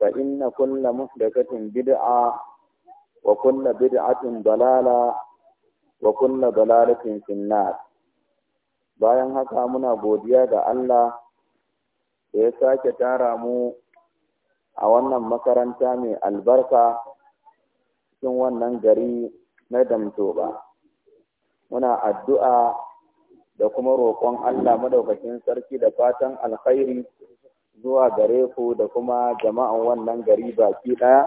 فإن كل محدثة بدعة وكل بدعة ضلالة وكل ضلالة في النار bayan haka muna godiya ga Allah da ya sake tara mu a wannan makaranta mai albarka cikin wannan gari na damtoba muna addu'a da kuma roƙon Allah madaukakin sarki da fatan alkhairi zuwa gare ku da kuma jama'an wannan gari baki ɗaya.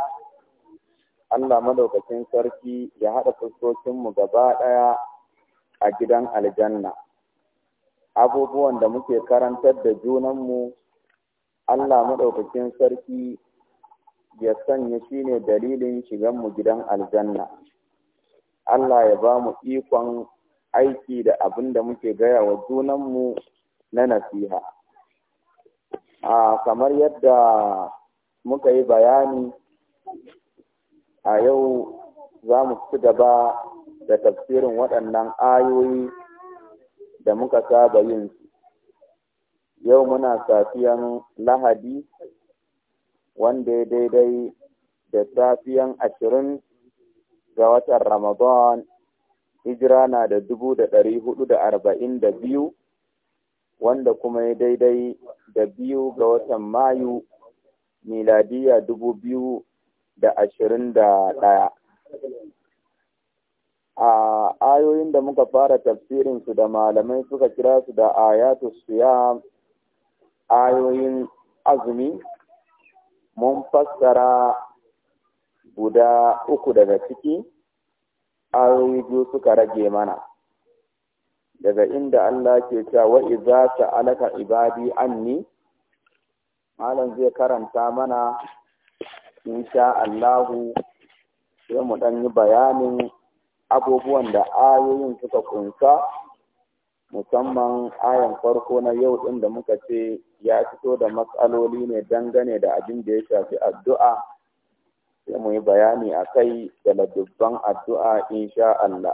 Allah madaukakin sarki ya haɗa fuskokinmu gaba ɗaya a gidan aljanna. Abubuwan da muke karantar da junanmu, Allah madaukakin sarki ya sanya shi ne dalilin shiganmu gidan aljanna. Allah ya ba mu ikon aiki da abin da muke gaya wa junanmu na nasiha. a kamar yadda muka yi bayani a yau za mu ci gaba da tafsirin waɗannan ayoyi da muka saba yin su yau muna safiyan lahadi wanda ya daidai da safiyan ashirin ga watan ramadan hijira na da dubu da ɗari hudu da arba'in da biyu wanda kuma ya daidai da biyu ga watan Mayu miladiya dubu biyu da ashirin da ɗaya. A ayoyin da muka fara tafsirinsu da malamai suka kira su da ayatu siya ayoyin azumi mun fassara guda uku daga ciki, ayoyi biyu suka rage mana. daga inda Allah ke cewa wa idza sa'alaka ibadi anni malam zai karanta mana insha Allahu sai mu dan yi bayanin abubuwan da ayoyin suka kunsa musamman ayan farko na yau din da muka ce ya fito da matsaloli ne dangane da abin da ya shafi addu'a sai mu yi bayani a kai da ladubban addu'a insha Allah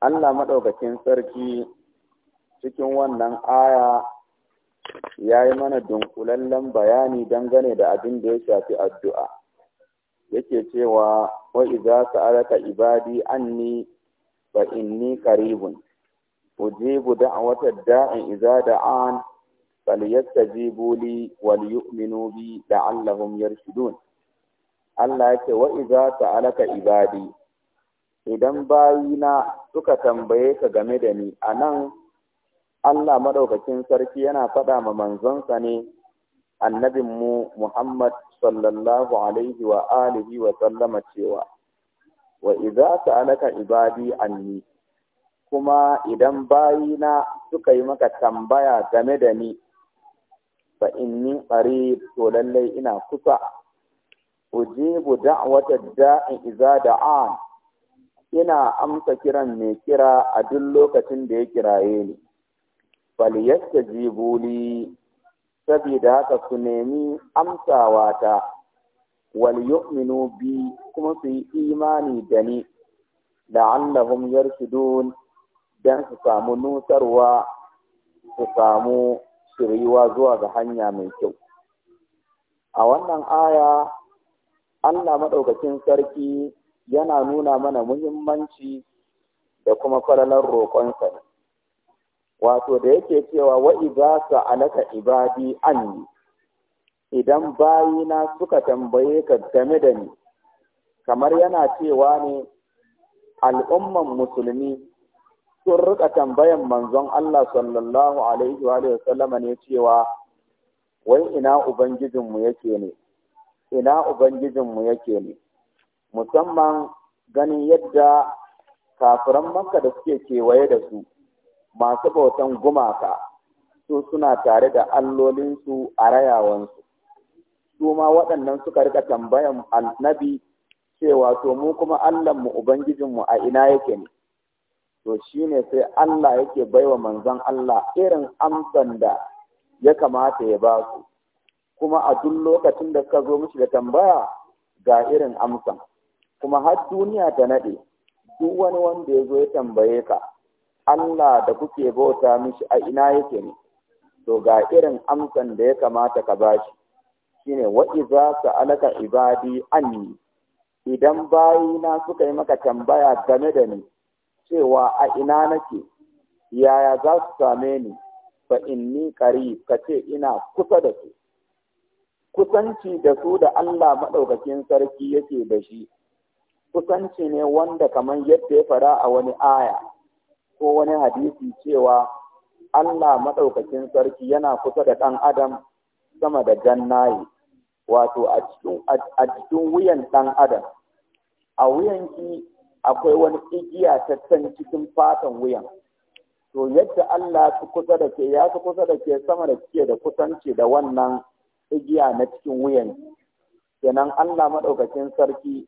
Allah maɗaukakin sarki cikin wannan aya ya yi mana dunkulallen bayani dangane da abin da ya shafi addu'a. Yake cewa, wa iza alaka ibadi anni Ku inni guda ujibu wata da'in iza da'an falyastajibu li wal yu'minu bi la'allahum yarshudun Allah yake wa iza alaka ibadi idan bayina suka tambaye ka game da ni a nan Allah madaukakin sarki yana faɗa ma manzonsa ne annabinmu Muhammad sallallahu alaihi wa alihi wa sallama cewa wa idza sa'alaka ibadi anni kuma idan bayina suka yi maka tambaya game da ni fa inni qarib to lallai ina kusa ujibu da'wata da'in iza da'an ina amsa kiran mai kira a duk lokacin da ya kiraye ni faliyasta jibuli sabida haka su nemi amsawa ta wal yu'minu bi kuma su yi imani da ni la'allahum yarshudun dan su samu nusarwa su samu shiriwa zuwa ga hanya mai kyau a wannan aya Allah maɗaukacin sarki yana nuna mana muhimmanci da kuma falalar roƙonsa ne. Wato da yake cewa wa'iza su alaka ibadi an idan bayina suka tambaye ka game da ni, kamar yana cewa ne al'umman musulmi sun rika tambayan manzon Allah sallallahu Alaihi wa ne cewa wai ina Ubangijinmu yake ne, ina Ubangijinmu yake ne. musamman ganin yadda kafiran maka da suke kewaye da su masu bautan gumaka su suna tare da allolinsu a rayawansu su ma waɗannan suka rika tambayan annabi cewa to mu kuma allahnmu ubangijinmu a ina yake ne to shi ne sai allah yake baiwa manzon allah irin amsan da ya kamata ya ba su kuma a duk lokacin da suka zo mishi da tambaya ga irin amsan kuma har duniya ta naɗe duk wani wanda ya zo ya tambaye ka Allah da kuke bauta mishi a ina yake ne to ga irin amsan da ya kamata ka bashi shine wa iza sa'alaka ibadi anni idan bayina suka yi maka tambaya game da ni cewa a ina nake yaya za su same ni fa inni ka kace ina kusa da su kusanci da su da Allah madaukakin sarki yake da shi kusanci ne wanda kamar yadda ya fara a wani aya ko wani hadisi cewa Allah maɗaukakin sarki yana kusa da ɗan adam sama da jannaye wato a cikin wuyan ɗan adam a wuyanki akwai wani igiya ta can cikin fatan wuyan to yadda Allah ya kusa da ke ya su kusa da ke sama da ke da kusanci da wannan igiya na cikin wuyan kenan Allah maɗaukacin sarki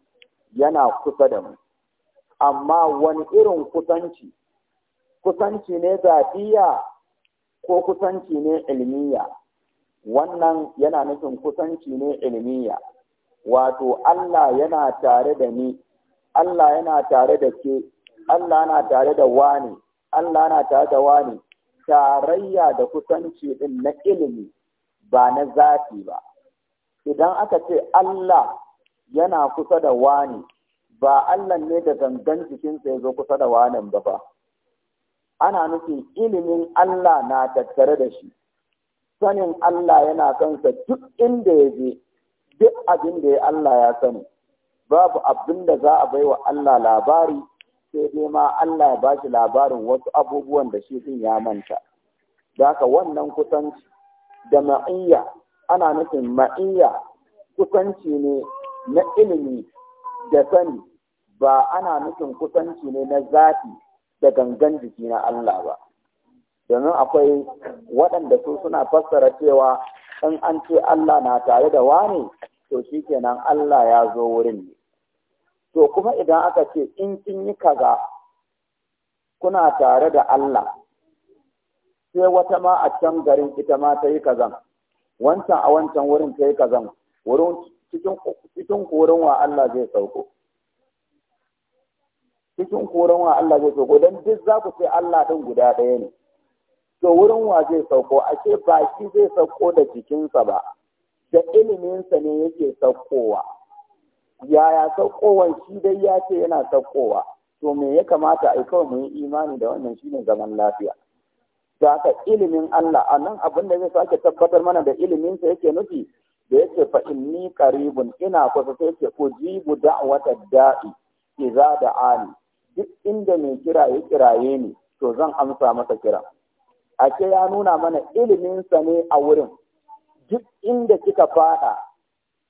yana kusa da mu amma wani irin kusanci kusanci ne zafiya ko kusanci ne ilmiya wannan yana nufin kusanci ne ilmiya wato Allah yana tare da ni Allah yana tare da ke Allah yana tare da wani Allah yana tare da wani tarayya da kusanci din na ilimi ba na zafi ba idan aka ce Allah yana kusa da wani ba Allah ne da gangan jikinsa ya zo kusa da wani ba ba ana nufin ilimin Allah na tattare da shi sanin Allah yana kansa duk inda ya je duk abin da Allah ya sani babu abin da za a bai wa Allah labari sai dai ma Allah ya ba shi labarin wasu abubuwan da shi din ya manta Daka wannan kusanci da ma'iyya ana nufin ma'iyya kusanci ne na ilimi da sani ba ana nufin kusanci ne na zafi da gangan jiki na Allah ba. Domin akwai waɗanda su suna fassara cewa in an ce Allah na tare da wani to shi kenan Allah ya zo wurin ne. To kuma idan aka ce in kin yi kaza kuna tare da Allah sai wata ma a can garin ita ma ta yi kazan wancan a wancan wurin ta yi kazan wurin cikin koron wa Allah zai sauko don duk za ku sai Allah ɗin guda ɗaya ne to wurin wa zai sauko ashe ba shi zai sauko da jikinsa ba da iliminsa ne yake saukowa yaya saukowan shi dai ya ce yana saukowa to me ya kamata a kawai mu yi imani da wannan shine zaman lafiya da aka ilimin Allah a nan abin da zai sake tabbatar mana da iliminsa yake nufi da yake fa ni qaribun ina kusa sai ce ujibu da'wata da'i idza da'ani duk inda mai kira ya kiraye ni to zan amsa masa kira ake ya nuna mana iliminsa ne a wurin duk inda kika fada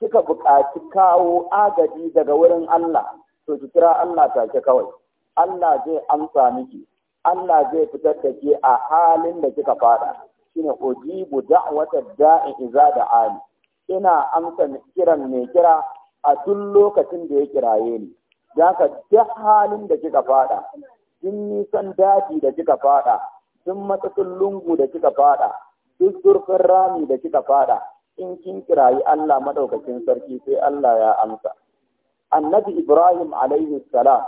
kika buƙaci kawo agaji daga wurin Allah to ki kira Allah take kawai Allah zai amsa miki Allah zai fitar da ke a halin da kika fada shine ujibu da'wata da'i da da'ani ina amsa kiran mai kira a tun lokacin da ya kiraye ni za ka duk halin da kika fada sun nisan daji da kika fada sun matsatsin lungu da kika fada duk zurfin rami da kika fada in kin kirayi Allah madaukakin sarki sai Allah ya amsa annabi Ibrahim alaihi salam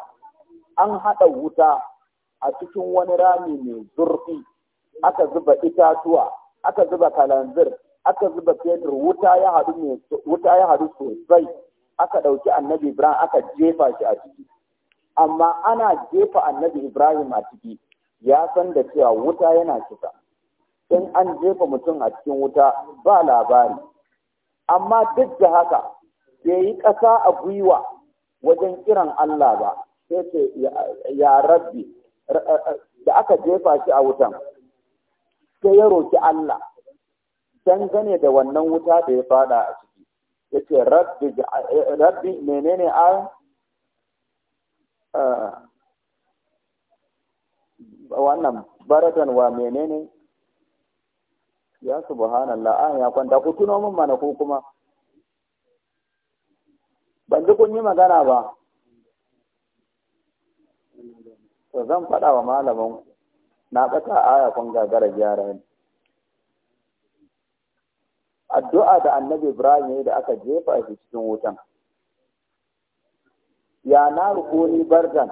an haɗa wuta a cikin wani rami mai zurfi aka zuba itatuwa aka zuba kalanzir aka zuba fetur wuta ya haɗu sosai aka ɗauki annabi ibrahim aka jefa shi a ciki amma ana jefa annabi ibrahim a ciki ya san da cewa wuta yana cika. in an jefa mutum a cikin wuta ba labari amma duk da haka bai yi ƙasa a gwiwa wajen kiran Allah ba sai ce ya rabbi da aka jefa shi a wutan sai ya roki Allah dangane da wannan wuta da ya fada a ciki yace rabbi rabbi menene a ah, wannan baratan wa menene ya subhanallah an ya kwanta ku tuno min mana ko kuma ban ji kun yi magana ba to zan faɗa wa malamin na ɓata aya kun gagara gyara ne addu'a da annabi Ibrahim ya da aka jefa shi cikin wutan. Ya na rukuni bardan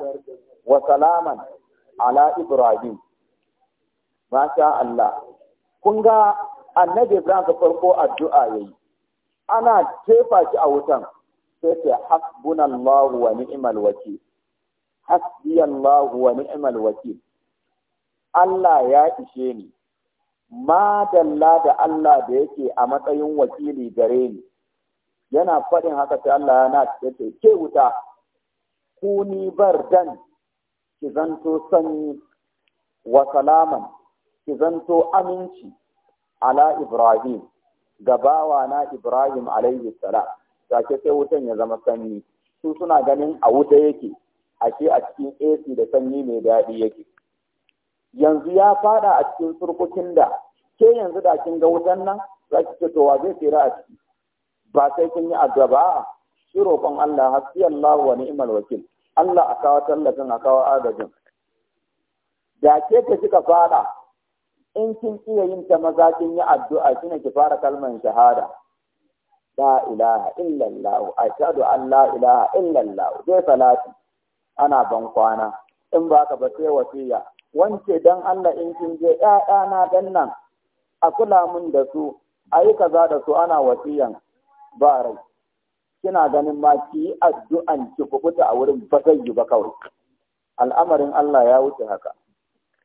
wa salaman ala Ibrahim, masha Allah. Kun ga annabi Ibrahim ta farko addu'a ya yi, ana jefa shi a wutan, sai ce hasbunallahu wa ni'mal wakil. Hasbiyallahu wa ni'mal wakil. Allah ya ishe ni. madalla da Allah da yake a matsayin wakili gare ni yana faɗin haka sai Allah yana yace ke wuta kuni bardan ki zanto sanyi wa salaman ki zanto aminci ala Ibrahim gabawa na Ibrahim alaihi salam sake sai wutan ya zama sanyi su suna ganin a wuta yake ashe a cikin AC da sanyi mai daɗi yake yanzu ya fada a cikin surkukin da ke yanzu da kin ga wutan nan za ki ce to wa zai tsira a ciki ba sai kin yi addu'a shi roƙon Allah hasbi Allah wa ni'mal wakil Allah a kawo tallafin a kawo agajin da ke ta kika fada in kin iya yin ta maza kin yi addu'a kina ki fara kalman shahada la ilaha illallah ashhadu an la ilaha illallah zai salati ana ban kwana in ba ka ba sai wasiya wance dan Allah in kin je ‘ya'yana ɗan nan a kula mun da su a yi kaza da su ana wasiyan ba rai kina ganin ma ki yi addu'an ki kubuta a wurin ba zai yi ba kawai al'amarin Allah ya wuce haka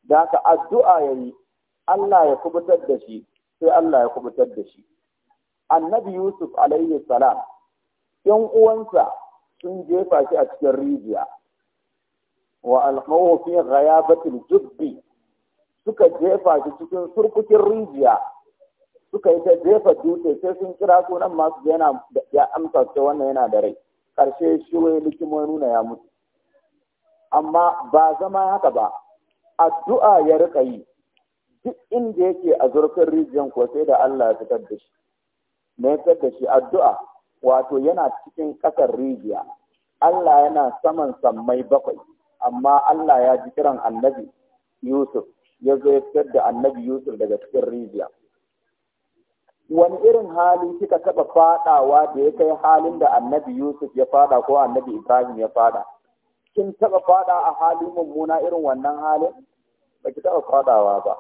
da ka addu'a ya yi Allah ya kubutar da shi sai Allah ya kubutar da shi annabi Yusuf alayhi salam ‘yan uwansa sun jefa shi a cikin rijiya wa alqawhu fi ghayabatil jubbi suka jefa shi cikin surkukin rijiya suka yi ta jefa dutse sai sun kira sunan masu yana ya amsa ce wannan yana da rai karshe shi wai likimo nuna ya mutu amma ba zama haka ba addu'a ya rika yi duk inda yake a zurfin rijiyan ko sai da Allah ya fitar da shi me ya fitar da shi addu'a wato yana cikin ƙasar rijiya Allah yana saman sammai bakwai amma Allah ya ji kiran annabi Yusuf ya zo ya fitar da annabi Yusuf daga cikin rijiya. Wani irin hali kika taɓa faɗawa da ya kai halin da annabi Yusuf ya faɗa ko annabi Ibrahim ya faɗa? Kin taɓa faɗa a halin mummuna irin wannan halin? Ba ki taɓa faɗawa ba.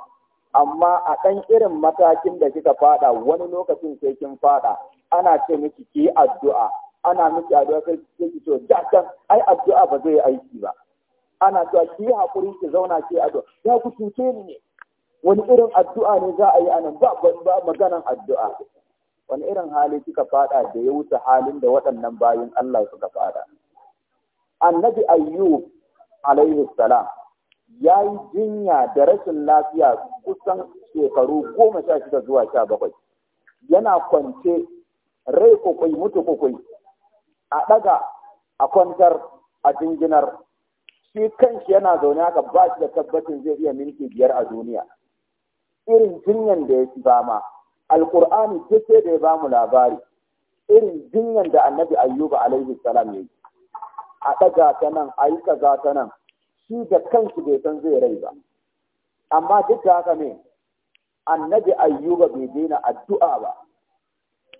Amma a ɗan irin matakin da kika faɗa wani lokacin sai kin faɗa ana ce miki ki addu'a ana miki addu'a sai ki ce ai addu'a ba zai yi aiki ba. ana cewa ki yi haƙuri ki zauna ki addu'a ya ku cuce ni ne wani irin addu'a ne za a yi a nan ba maganan addu'a wani irin hali kika faɗa da ya wuce halin da waɗannan bayan Allah suka fada annabi ayyub alaihi salam ya yi jinya da rashin lafiya kusan shekaru goma sha shida zuwa sha bakwai yana kwance rai kukwai mutu kukwai a ɗaga a kwantar a jinginar shi kanshi yana zaune haka ba shi da tabbacin zai iya minti biyar a duniya irin jinyan da ya ci fama alkur'ani duk sai da ya bamu labari irin jinyan da annabi ayyuba alaihi salam ya yi a ɗaga ta nan a yi kaza ta nan shi da kanshi bai san zai rai ba amma duk da haka ne annabi ayyuba bai daina addu'a ba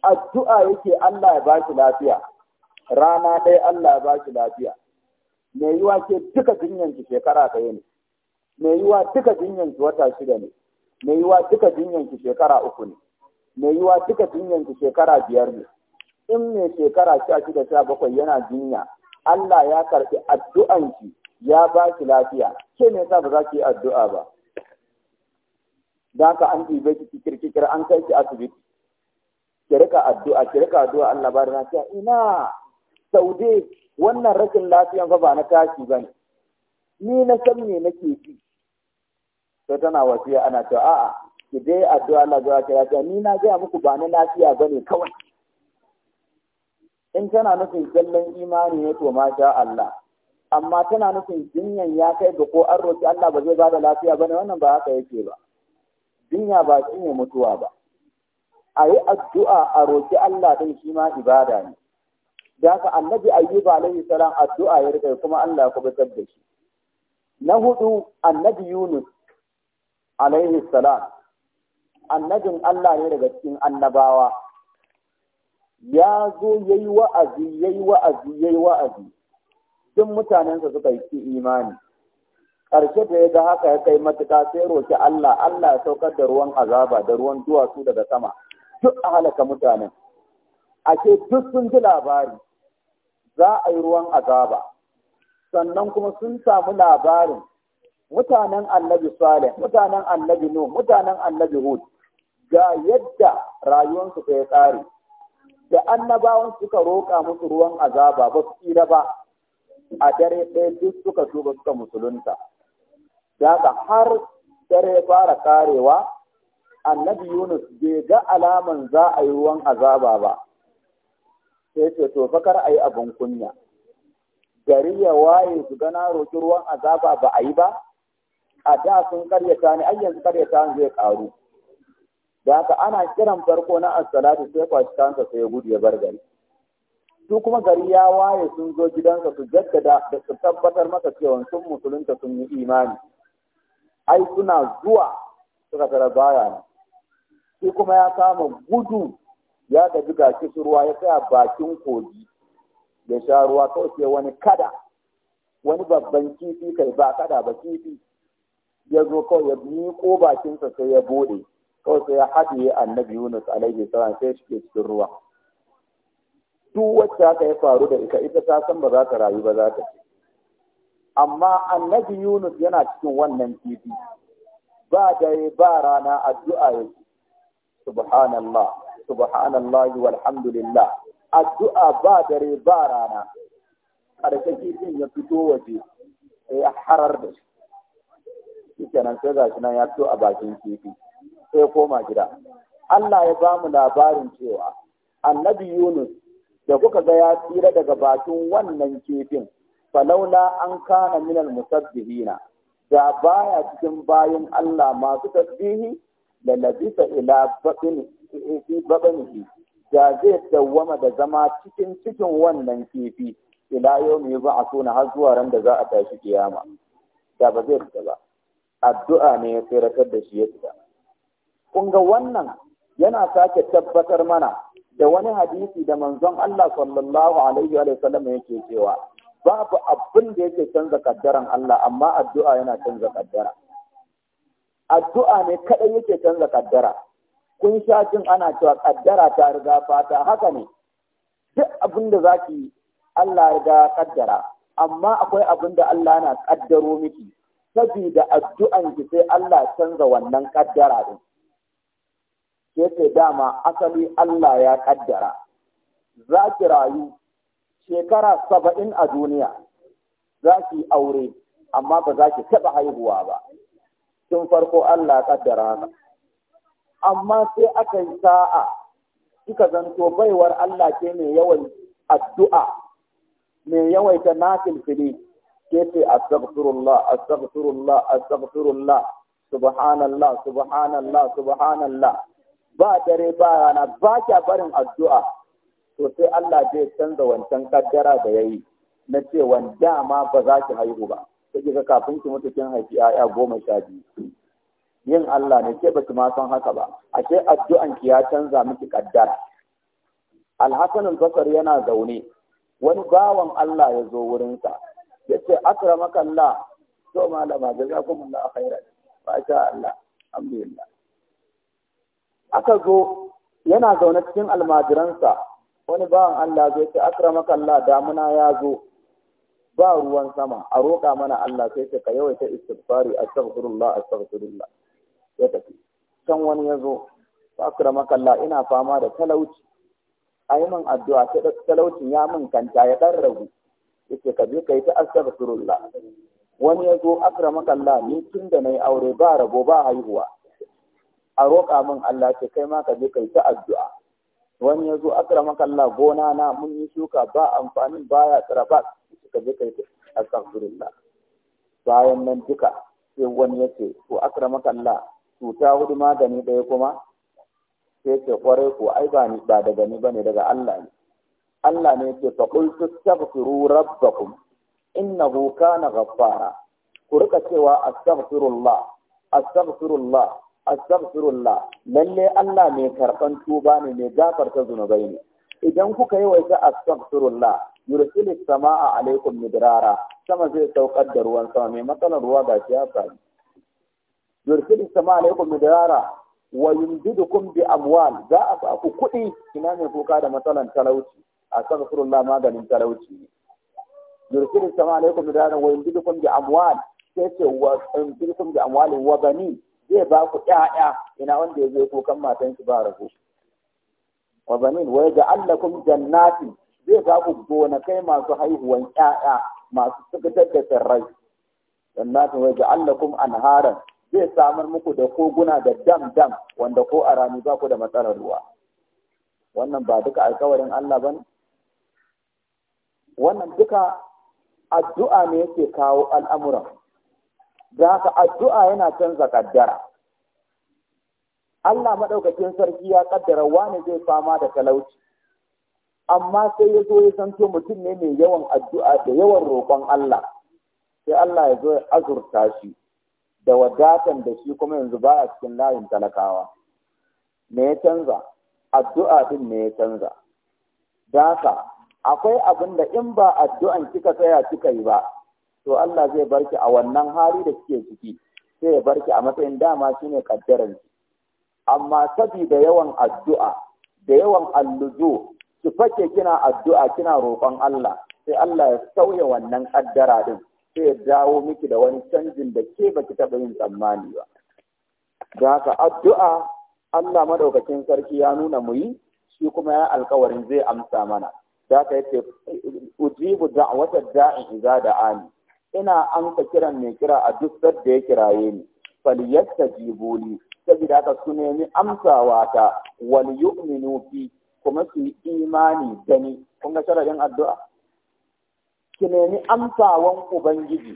addu'a yake Allah ya ba shi lafiya rana ɗaya Allah ya ba shi lafiya mai yiwa ke duka jinyanki shekara ɗaya ne mai yiwa duka jinyanki wata shida ne mai yiwa duka jinyanki shekara uku ne mai yiwa duka jinyanki shekara biyar ne in mai shekara sha shida sha bakwai yana jinya Allah ya karɓi addu'anki ya ba ki lafiya ke ne sa ba za ki yi addu'a ba da ka an ɗibe ki kikir an kai ki asibiti ki rika addu'a ki rika addu'a Allah ba da lafiya ina saude wannan rashin lafiyan fa ba na tashi ba ne ni na san me nake ji sai tana wasiya ana cewa a'a ki dai addu'a Allah zuwa ta lafiya ni na gaya muku ba na lafiya ba ne kawai in tana nufin kallon imani ne to masha Allah amma tana nufin jinyan ya kai ga ko an roki Allah ba zai bada lafiya ba ne wannan ba haka yake ba jinya ba shi ne mutuwa ba a yi addu'a a roki Allah din shi ma ibada ne da haka annabi ayyuba alaihi salam addu'a ya rika kuma Allah ya kubutar da shi na hudu annabi yunus alaihi salam annabin Allah ne daga cikin annabawa ya zo yayi wa'azi yayi wa'azi yayi wa'azi duk mutanensa suka yi imani ƙarshe da ya ga haka ya kai matuƙa sai roki Allah Allah ya saukar da ruwan azaba da ruwan duwatsu daga sama duk a halaka mutanen ake duk sun ji labari za a yi ruwan azaba sannan kuma sun samu labarin mutanen annabi salih mutanen annabi nuh mutanen annabi hud ga yadda rayuwarsu ta ya tsare da annabawan suka roƙa musu ruwan azaba ba su tsira ba a dare ɗaya duk suka tuba suka musulunta daga har dare fara karewa annabi yunus bai ga alaman za a yi ruwan azaba ba sai ce to fakar a yi abin kunya gari ya waye su gana roƙi ruwan azaba ba a yi ba a da sun karyata ne ai yanzu karyata ne zai ƙaru da haka ana kiran farko na assalatu sai kwashi kansa sai ya gudu ya bar gari su kuma gari ya waye sun zo gidansa su jaddada da su tabbatar maka cewa sun musulunta sun yi imani ai suna zuwa suka tara baya ne shi kuma ya kama gudu ya gaji ga ruwa, ya tsaya bakin kogi ya sha ruwa kawai sai wani kada wani babban kifi kai ba kada ba kifi ya zo kawai ya miƙo bakinsa sai ya bude kawai sai ya haɗiye annabi Yunus alaihi salam sai shi cikin ruwa duk wacce haka ya faru da ita ita ta san ba za ta rayu ba za ta amma annabi Yunus yana cikin wannan kifi ba dai ba rana addu'a yake subhanallah subhanallahi walhamdulillah addu'a ba dare ba rana ƙarshe kifin ya fito waje sai ya harar da shi shi nan sai gashi nan ya fito a bakin kifi sai ya koma gida Allah ya ba mu labarin cewa annabi Yunus da kuka ga ya tsira daga bakin wannan kifin falaula an kana minal musabbihina da baya cikin bayan Allah masu tasbihi da labisa ila baɗin. fi shi da zai dawwama da zama cikin cikin wannan kifi ila yau mai ba a suna har zuwa ran da za a tashi kiyama da ba zai fita ba addu'a ne ya tsiratar da shi ya fita kun ga wannan yana sake tabbatar mana da wani hadisi da manzon Allah sallallahu alaihi wa sallam yake cewa babu abin da yake canza kaddaran Allah amma addu'a yana canza kaddara addu'a ne kadai yake canza kaddara kun sha cin ana cewa kaddara ta riga fata haka ne duk abin da za ki Allah riga kaddara amma akwai abin da Allah na kaddaro miki saboda addu'an ki sai Allah canza wannan kaddara din yace dama asali Allah ya kaddara Zaki rayu shekara saba'in a duniya za ki aure amma ba za ki taɓa haihuwa ba tun farko Allah ya kaddara haka amma sai aka yi sa'a kika zanto baiwar Allah ke mai yawan addu'a mai yawaita nafil fili ke ce astaghfirullah astaghfirullah astaghfirullah subhanallah subhanallah subhanallah ba dare ba rana ba kya barin addu'a to sai Allah zai canza wancan kaddara da yayi na cewa dama ba za ki haihu ba sai kafin ki mutu kin haifi 'ya'ya goma sha biyu yin Allah ne ke baki ma san haka ba A addu'an ki ya canza miki kaddara Alhassan al-Basri yana zaune wani bawan Allah ya zo wurinsa ya ce akramaka Allah to malama jazakumullahu khairan masha Allah alhamdulillah aka zo yana zaune cikin almajiransa wani bawan Allah zai ce akramaka Allah damuna ya zo ba ruwan sama a roƙa mana Allah sai ce ka yawaita istighfari astaghfirullah astaghfirullah ya tafi can wani ya zo fakura makalla ina fama da talauci a yi min addu'a ta talaucin ya min kanta ya dan ragu yake ka je ka yi ta astaghfirullah wani ya zo makalla ni tun da na yi aure ba rabo ba haihuwa a roƙa min Allah ce kai ma ka je yi ta addu'a wani ya zo akramakalla gona na mun yi shuka ba amfanin baya tsira ba ka je yi ta astaghfirullah bayan nan duka sai wani ya ce to akramakalla cuta hudu magani ɗaya kuma sai ce kwarai ko ai ba ni ba daga ni bane daga Allah ne Allah ne yake fa qul tastaghfiru rabbakum innahu kana ghaffara ku rika cewa astaghfirullah astaghfirullah astaghfirullah lalle Allah mai karban tuba ne mai gafarta zunubai ne idan kuka yi wata astaghfirullah yursilis samaa alaikum midrara sama zai saukar da ruwan sama mai matsalar ruwa shi ya faru yursilu sama alaikum midrara wa yumdidukum bi amwal za a ba ku kuɗi ina ne kuka da matsalan talauci astaghfirullah maganin talauci yursilu sama alaikum midrara wa yumdidukum bi amwal sai ce wa yumdidukum bi amwal wa banin zai ba ku ƴaƴa ina wanda ya zo kukan matan shi ba rago wa banin wa ja'alakum jannatin zai ba ku kai masu haihuwan ƴaƴa masu tsibitar da tsirrai jannatin wa an anharan zai samar muku da koguna da dam-dam wanda ko a rani zaku ku da matsalar ruwa. Wannan ba duka alkawarin Allah ba Wannan duka addu'a ne yake kawo al'amuran. Da haka addu'a yana canza kaddara. Allah maɗaukakin sarki ya ƙaddara ne zai fama da talauci. Amma sai ya zo ya santo mutum ne mai yawan addu'a da yawan roƙon Allah. Sai Allah ya zo ya azurta shi. da wadatan da shi kuma yanzu ba a cikin layin talakawa me ya canza addu'a din ne ya canza daka akwai abin da in ba addu'an kika tsaya kika yi ba to Allah zai barki a wannan hali da suke ciki sai ya barki a matsayin dama shine kaddaran amma saboda yawan addu'a da yawan allujo ki fake kina addu'a kina roƙon Allah sai Allah ya sauya wannan ƙaddara din sai dawo miki da wani canjin da ke baki taɓa yin tsammani ba da haka addu'a Allah madaukakin sarki ya nuna mu yi shi kuma ya alkawarin zai amsa mana da haka yace ujibu da'in za da ani. ina amsa kiran mai kira a duk da ya kiraye ni falyastajibu jibuli Sabida haka su nemi amsawa ta wal yu'minu fi kuma su yi imani da ni kun ga sharaɗin addu'a ki nemi amsawan ubangiji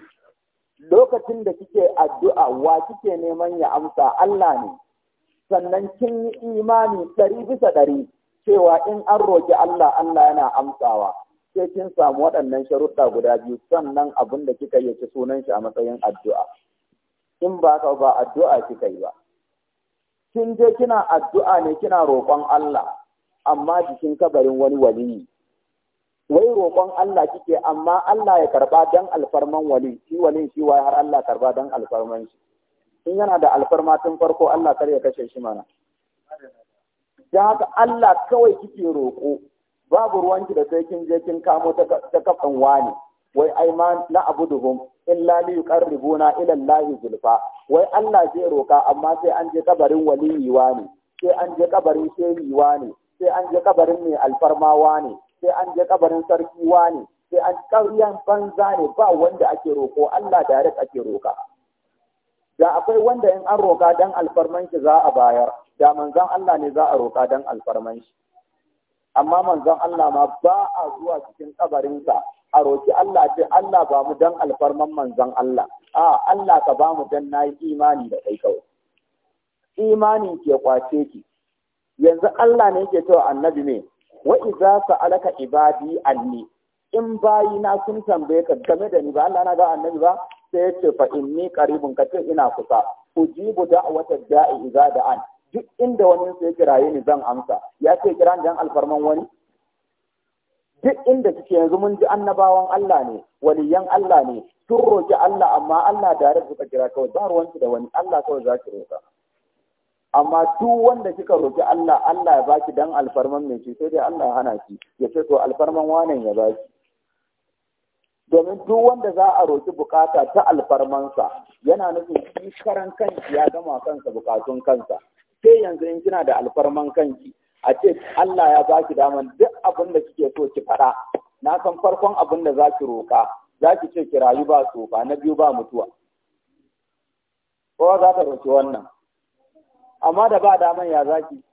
lokacin da kike addu'a wa kike neman ya amsa Allah ne sannan kin yi imani ɗari bisa ɗari cewa in an roƙi Allah Allah yana amsawa sai kin samu waɗannan sharuɗa guda biyu sannan abin da kika yi sunan shi a matsayin addu'a in ba ka ba addu'a kika yi ba kin je kina addu'a ne kina roƙon Allah amma jikin kabarin wani waliyi wai roƙon Allah kike amma Allah ya karba dan alfarman wali shi walin shi wai har Allah karba dan alfarman shi in yana da alfarma tun farko Allah kar ya kashe shi mana dan haka Allah kawai kike roƙo babu ruwanki da sai kin je kin kamo ta kafan wani wai ai ma na abuduhum illa li yuqarribuna ila Allahi zulfa wai Allah zai roka amma sai an je kabarin waliyi ne, sai an je kabarin shehi ne, sai an je kabarin mai alfarmawa ne sai an je kabarin sarki wane sai an ƙaryan banza ne ba wanda ake roƙo Allah direct ake roƙa da akwai wanda in an roka dan alfarman shi za a bayar da manzon Allah ne za a roƙa dan alfarman shi amma manzon Allah ma ba a zuwa cikin ƙabarinsa. a roƙi Allah ce Allah ba mu dan alfarman manzon Allah a Allah ka ba mu dan nayi imani da kai kawai imani ke kwace ki yanzu Allah ne yake cewa annabi ne wa idza alaka ibadi anni in bayi na sun tambaye ka game da ni ba Allah na ga annabi ba sai ya ce fa inni qaribun ka ce ina kusa ujibu da'wata da'i da da'an duk inda wani sai kiraye ni zan amsa ya ce kira dan alfarman wani duk inda kike yanzu mun ji annabawan Allah ne waliyan Allah ne sun roki Allah amma Allah da ka kira kawai ba ruwanki da wani Allah kawai za ki roka amma duk wanda kika roki Allah Allah ya baki dan alfarman mai ci sai dai Allah ya hana ki ya ce to alfarman wanan ya baki domin duk wanda za a roki bukata ta alfarmansa yana nufin shi karan kanki ya gama kansa bukatun kansa sai yanzu in kina da alfarman kanki a ce Allah ya baki daman duk abin da kike so ki fara na san farkon abin da za ki roka za ki ce ki rayu ba tsofa na biyu ba mutuwa kowa za ta roki wannan amma da ba daman ya zaki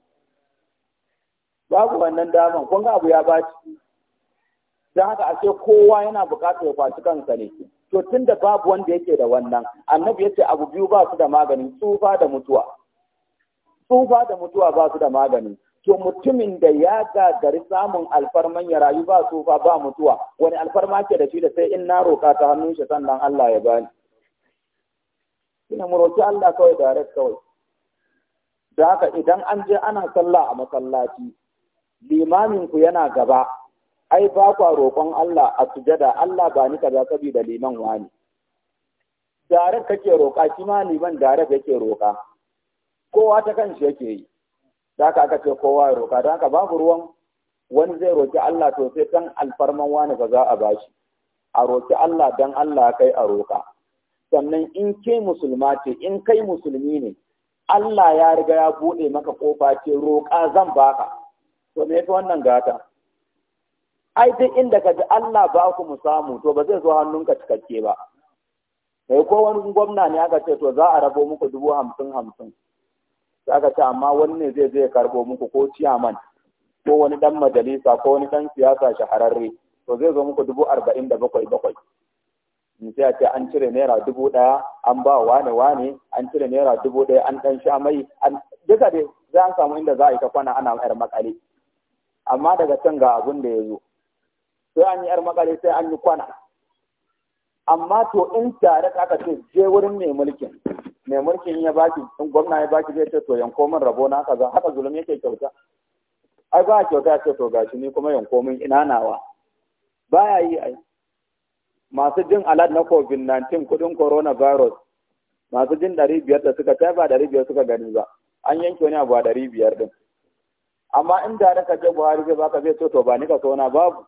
babu wannan daman kun ga abu ya baci don haka ashe kowa yana buƙatar ya kwaci kansa ne to tun da babu wanda yake da wannan annabi ya ce abu biyu ba su da magani tsufa da mutuwa tsufa da mutuwa ba su da magani to mutumin da ya gagari samun alfarman ya rayu ba tsufa ba mutuwa wani alfarma ke da shi da sai in na roka ta hannun shi sannan Allah ya bani ina mu Allah kawai direct kawai da haka idan an je ana sallah a masallaci limamin ku yana gaba ai ba kwa roƙon Allah a sujada Allah ba ni kaza saboda liman wani dare kake roƙa shi ma liman dare yake roƙa kowa ta kanshi yake yi da haka aka ce kowa ya roƙa da haka babu ruwan wani zai roƙi Allah to sai san alfarman wani ba za a bashi a roƙi Allah dan Allah kai a roƙa sannan in ke musulma ce in kai musulmi ne Allah ya riga ya buɗe maka kofa ce roƙa zan baka to me yafi wannan gata ai duk inda ka ji Allah ba ku mu samu to ba zai zo hannunka cikakke ba mai ko wani gwamna ne aka ce to za a rabo muku dubu hamsin hamsin sai aka ce amma wani ne zai zai karɓo muku ko ciyaman ko wani ɗan majalisa ko wani ɗan siyasa shahararre to zai zo muku dubu arba'in da bakwai bakwai sai a ce an cire naira dubu ɗaya an ba wane wane an cire naira dubu ɗaya an ɗan sha mai an duka dai za a samu inda za a yi ta kwana ana yar makale amma daga can ga abun da ya zo sai an yi yar makale sai an yi kwana amma to in tare aka ce je wurin mai mulkin mai mulkin ya baki in gwamna ya baki zai ce to yanko min rabo na kaza haka zulum yake kyauta ai ba kyauta ya ce to gashi ni kuma yanko min ina nawa baya yi ai masu jin alat na covid-19 kudin coronavirus masu jin ɗari biyar da suka ta ba ɗari biyar suka gani ba an yanke wani abu a ɗari biyar din amma inda da ka je buhari zai baka zai ce to ba ni ka na babu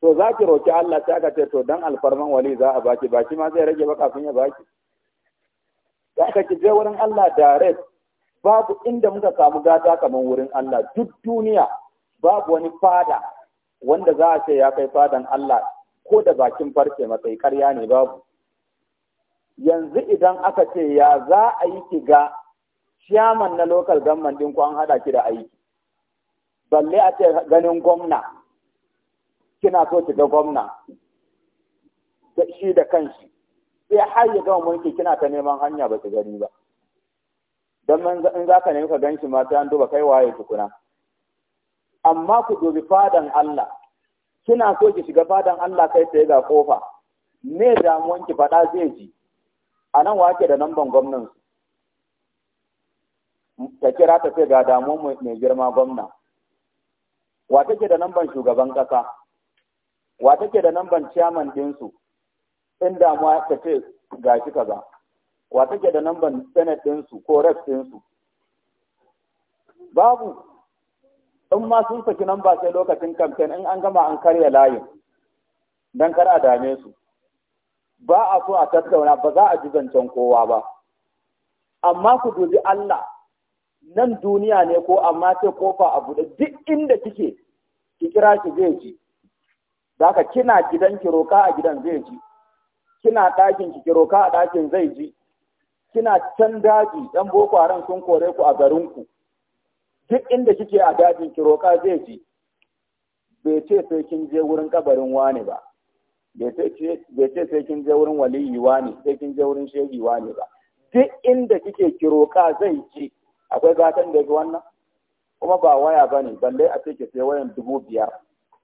to za ki roki Allah ta ka ce to dan alfarman wali za a baki baki ma zai rage baka sun ya baki za ka ki je wurin Allah direct babu inda muka samu gata kamar wurin Allah duk duniya babu wani fada wanda za a ce ya kai fadan Allah ko da bakin farce matsayi karya ne babu yanzu idan aka ce ya za a yi ki ga ciyaman na lokal gamman ɗin ku an haɗa ki da aiki balle a ce ganin gwamna kina so ki ga gwamna shi da kanshi sai har ya gama mulki kina ta neman hanya ba ki gani ba don in za ka nemi ka gan shi ma ta duba kai waye tukuna amma ku dubi fadan Allah kina so ki shiga fadan Allah kai tsaye ga kofa me damuwan ki faɗa zai ji a nan wake da namban gwamnan ta kira ta ce ga damuwan mai girma gwamna wa take da namban shugaban kasa? wa take da namban ciyaman ɗinsu in damuwa ta ce ga shi kaza wa take da namban senate ɗinsu ko rep ɗinsu babu in ma sun saki nan ba sai lokacin kamfen in an gama an karya layin don kar a dame su ba a so a tattauna ba za a ji zancen kowa ba amma ku dubi Allah nan duniya ne ko amma ce kofa a buɗe duk inda kike ki kira ki zai ji da ka kina gidan ki roka a gidan zai ji kina ɗakin ki ki roka a ɗakin zai ji kina can daji 'yan boko sun kore ku a garin ku. duk inda kike a dajin ki roƙa zai ji bai ce sai kin je wurin kabarin wani ba bai ce sai kin je wurin waliyi wani sai kin je wurin shehi wani ba duk inda kike ki roƙa zai ji akwai gatan da yake wannan kuma ba waya ba ne balle a ce ki sai wayan dubu biyar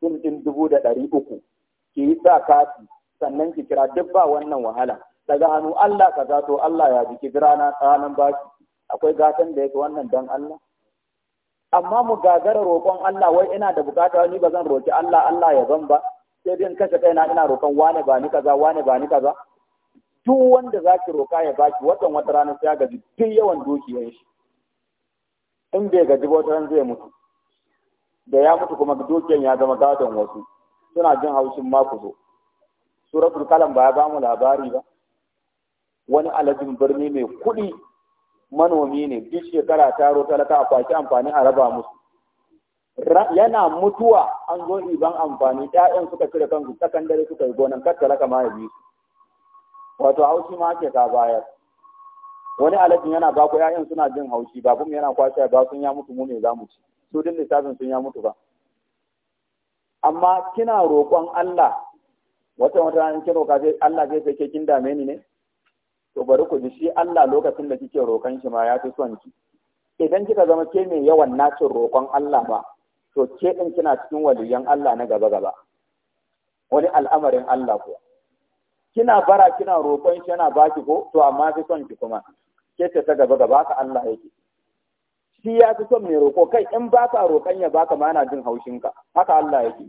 kin din dubu da ɗari uku ki yi sa kati sannan ki kira duk ba wannan wahala daga hannu Allah ka zato Allah ya ji ki na tsananin baki akwai gatan da yake wannan dan Allah amma mu gagara roƙon Allah wai ina da bukata ni ba zan roƙi Allah Allah ya zan ba sai dai in kashe kaina ina roƙon wane ba ni kaza wane ba ni kaza duk wanda zaki roƙa ya baki watan wata rana sai ya gaji duk yawan dukiyar shi in bai gaji ba wata zai mutu da ya mutu kuma dukiyar ya zama gadon wasu suna jin haushin mako zo suratul kalam ba ya ba mu labari ba wani alajin birni mai kuɗi manomi ne duk shekara taro talaka a kwaki amfani a raba musu yana mutuwa an zo iban amfani ɗayan suka cire kansu tsakan dare suka yi gonan kar talaka ma ya bi su wato haushi ma ake ka bayar wani alajin yana ba ku ƴaƴan suna jin haushi ba kuma yana kwashe ba sun ya mutu mu ne za mu ci su din lissafin sun ya mutu ba amma kina roƙon Allah wata wata in kin ka Allah zai sake kin dame ni ne to bari ku ji shi Allah lokacin da kike roƙon shi ma ya fi son ki idan kika zama ke mai yawan nacin roƙon Allah ba to ke din kina cikin waliyan Allah na gaba gaba wani al'amarin Allah ko kina bara kina roƙon shi yana baki ko to amma fi son ki kuma ke ta gaba gaba ka Allah yake shi ya fi son mai roƙo kai in ba ka roƙon ya baka ma yana jin haushin ka. haka Allah yake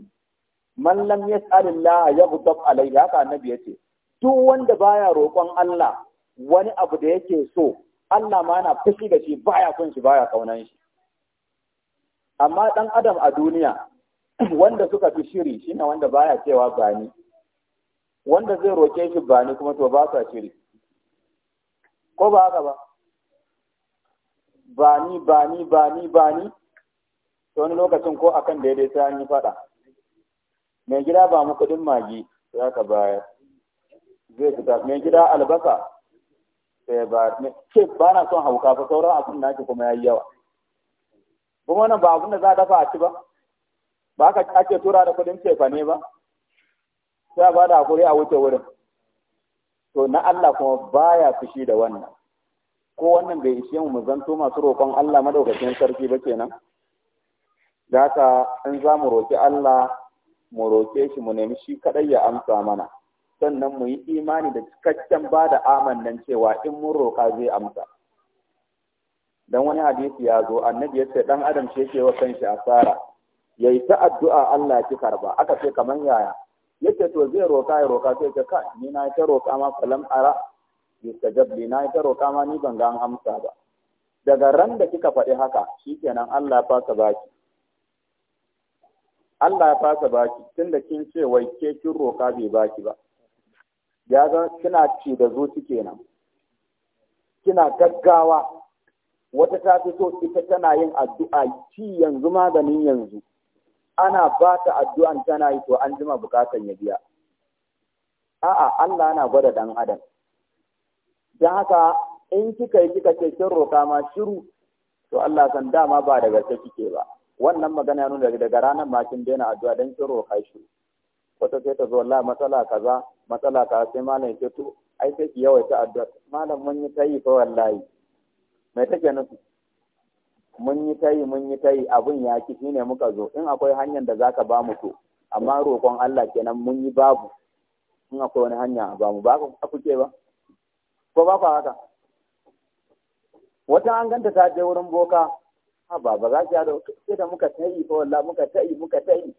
man lam yas'alillah yaghdab alayhi haka annabi ce. duk wanda baya roƙon Allah wani abu da yake so Allah ma na fushi da shi baya kun shi baya kaunan shi amma dan adam a duniya wanda suka fi shiri shine wanda baya cewa bani wanda zai roke shi bani kuma to ba sa shiri ko ba haka ba bani bani bani bani to wani lokacin ko akan daidai sai an yi fada mai gida ba mu kudin magi za ka bayar zai fita mai gida albasa sai eh, ba ne? ce ba na son hauka ba sauran abin da ake kuma yayi yawa kuma wannan ba abin da za a dafa a ci ba ba ka ake tura da kudin cefa ne ba sai ba da hakuri a wuce wurin to na Allah kuma baya fushi da wannan ko wannan bai ishe mu zanto masu roƙon Allah madaukakin sarki ba kenan da haka in za mu roƙi Allah mu roƙe shi mu nemi shi kaɗai ya amsa mana sannan mu yi imani da cikakken ba da nan cewa in mun roƙa zai amsa dan wani hadisi ya zo annabi ya ce dan adam ke yake wa kanshi asara yayi ta addu'a Allah ki karba aka ce kaman yaya Ya ce to zai roƙa ya roƙa sai ka ka ni na yi ta roƙa ma falam ara ce li na yi ta roƙa ma ni ban ga an amsa ba daga ran da kika faɗi haka shikenan Allah ya fasa baki Allah ya fasa baki tunda kin ce wai ke kin roƙa bai baki ba ya zan kina ce da zo kenan kina gaggawa wata ta fito ita tana yin addu'a ci yanzu maganin yanzu ana ba ta addu'an tana yi to an jima bukatan ya biya a'a Allah yana gwada dan adam dan haka in kika yi kika ce kin roka ma shiru to Allah san dama ba daga gaske kike ba wannan magana ya nuna daga ranar ma kin daina addu'a dan kin roka shiru wata sai ta zo Allah matsala kaza matsala ka sai malam ya to ai sai ki yawaita addu'a malam mun yi tayi fa wallahi mai take nufi mun yi tayi mun yi tayi abun ya ki shine muka zo in akwai hanyar da zaka ba mu to amma roƙon Allah kenan mun yi babu in akwai wani hanya a bamu ba ka kuke ba ko ba ka haka wata an ganta ta je wurin boka Ha ba za ki yaro sai da muka tayi fa wallahi muka tayi muka tayi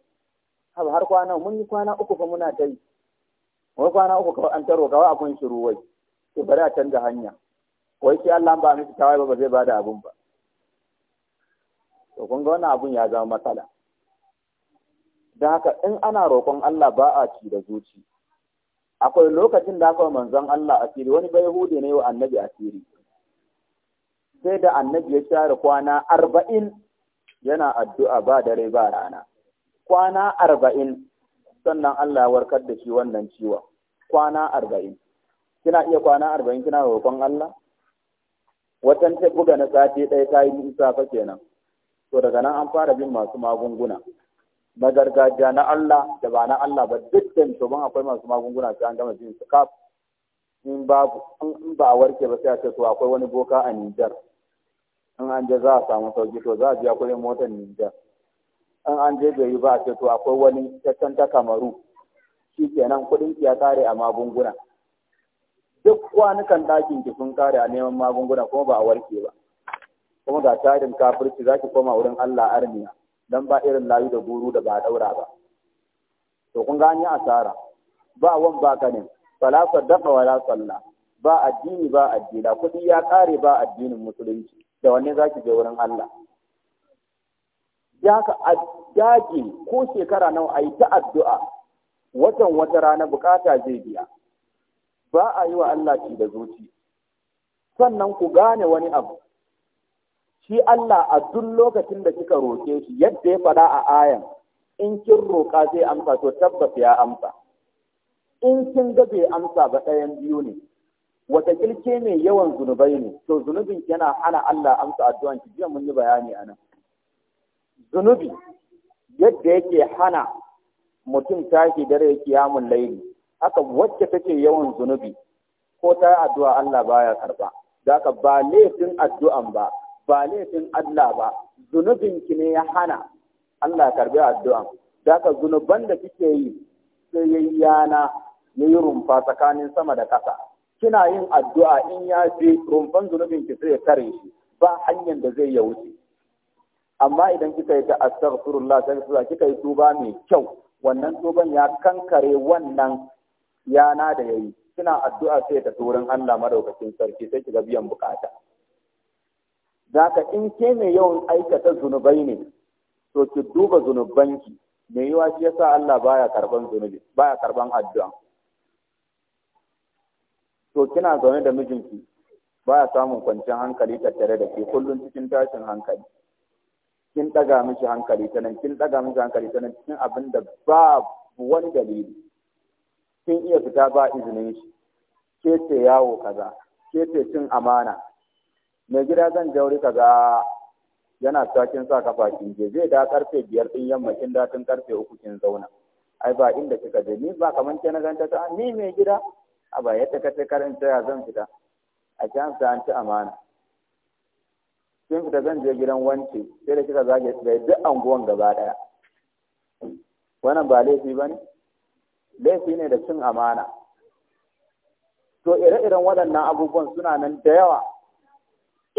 har kwana mun yi kwana uku fa muna tayi wai kwana uku kawai an taro kawai akwai shiru wai sai bari a canza hanya wai shi Allah ba mishi tawaye ba ba zai bada abun ba to kun ga wannan abun ya zama matsala don haka in ana roƙon Allah ba a ci da zuci akwai lokacin da aka manzon Allah asiri wani bai hude ne wa annabi asiri sai da annabi ya share kwana arba'in yana addu'a ba dare ba rana kwana arba'in sannan Allah ya warkar da shi wannan ciwon kwana arba'in kina iya kwana arba'in kina roƙon Allah watan ta buga na sati ɗaya ta yi nisa fa kenan to daga nan an fara bin masu magunguna na gargajiya na Allah da ba na Allah ba duk da to ban akwai masu magunguna sai an gama bin su kaf in babu in ba a warke ba sai a ce to akwai wani boka a Nijar in an je za a samu sauki to za a biya kuɗin motar Nijar in an je bai yi ba a ce to akwai wani tattan ta Kamaru shi kenan kuɗin ki ya kare a magunguna duk kwanukan ɗakin ki sun kare a neman magunguna kuma ba a warke ba kuma ga tarin kafirci zaki koma wurin Allah armiya dan ba irin layu da guru da ba a daura ba to kun gani asara ba wan ba kanin fala saddaqa wala salla ba addini ba addina kuɗi ya kare ba addinin musulunci da wanne za zaki je wurin Allah ya ka a ko shekara nawa a yi ta addu'a watan wata rana bukata zai biya ba a yi wa Allah ci da zuci sannan ku gane wani abu shi Allah a duk lokacin da kika roke shi yadda ya faɗa a ayan in kin roƙa zai amsa to tabbas ya amsa in kin ga bai amsa ba ɗayan biyu ne wata kilke mai yawan zunubai ne to zunubin yana hana Allah amsa addu'an ki jiya mun yi bayani anan zunubi yadda yake hana mutum tashi dare kiyamun laili haka wacce take yawan zunubi ko ta addu'a Allah baya karba ka ba laifin addu'an ba ba laifin Allah ba zunubin ki ne ya hana Allah karbi addu'an Da zaka zunuban da kike yi sai yayi yana yi rumfa tsakanin sama da ƙasa kina yin addu'a in ya je rumfan zunubin ki sai ya kare shi ba hanyar da zai ya wuce amma idan kika yi ta astaghfirullah kika yi tuba mai kyau wannan tuban ya kankare wannan yana da yayi suna addu'a sai ta turin Allah madaukakin sarki sai kiga biyan bukata zaka in ke mai yawan aikata zunubai ne to ki duba zunubanki me yiwa shi yasa Allah baya karban zunubi baya karban addu'a to kina zaune da mijinki baya samun kwanciyar hankali tattare da ke kullum cikin tashin hankali kin ɗaga mishi hankali ta nan kin daga mishi hankali ta nan cikin abin da ba wani dalili kin iya fita ba izinin shi ke ce yawo kaza ke ce cin amana mai gida zan jauri kaza yana sakin sa kafa kin je zai da karfe biyar din yamma kin da tun karfe uku kin zauna ai ba inda kika je ni ba kaman ke na ganta ta ni mai gida a ba yadda ka ce karin zan fita a can sa an ci amana Sun fita zan je gidan wance sai da kika zage da duk anguwan gaba daya wannan ba laifi bane laifi ne da cin amana to ire-iren waɗannan abubuwan suna nan da yawa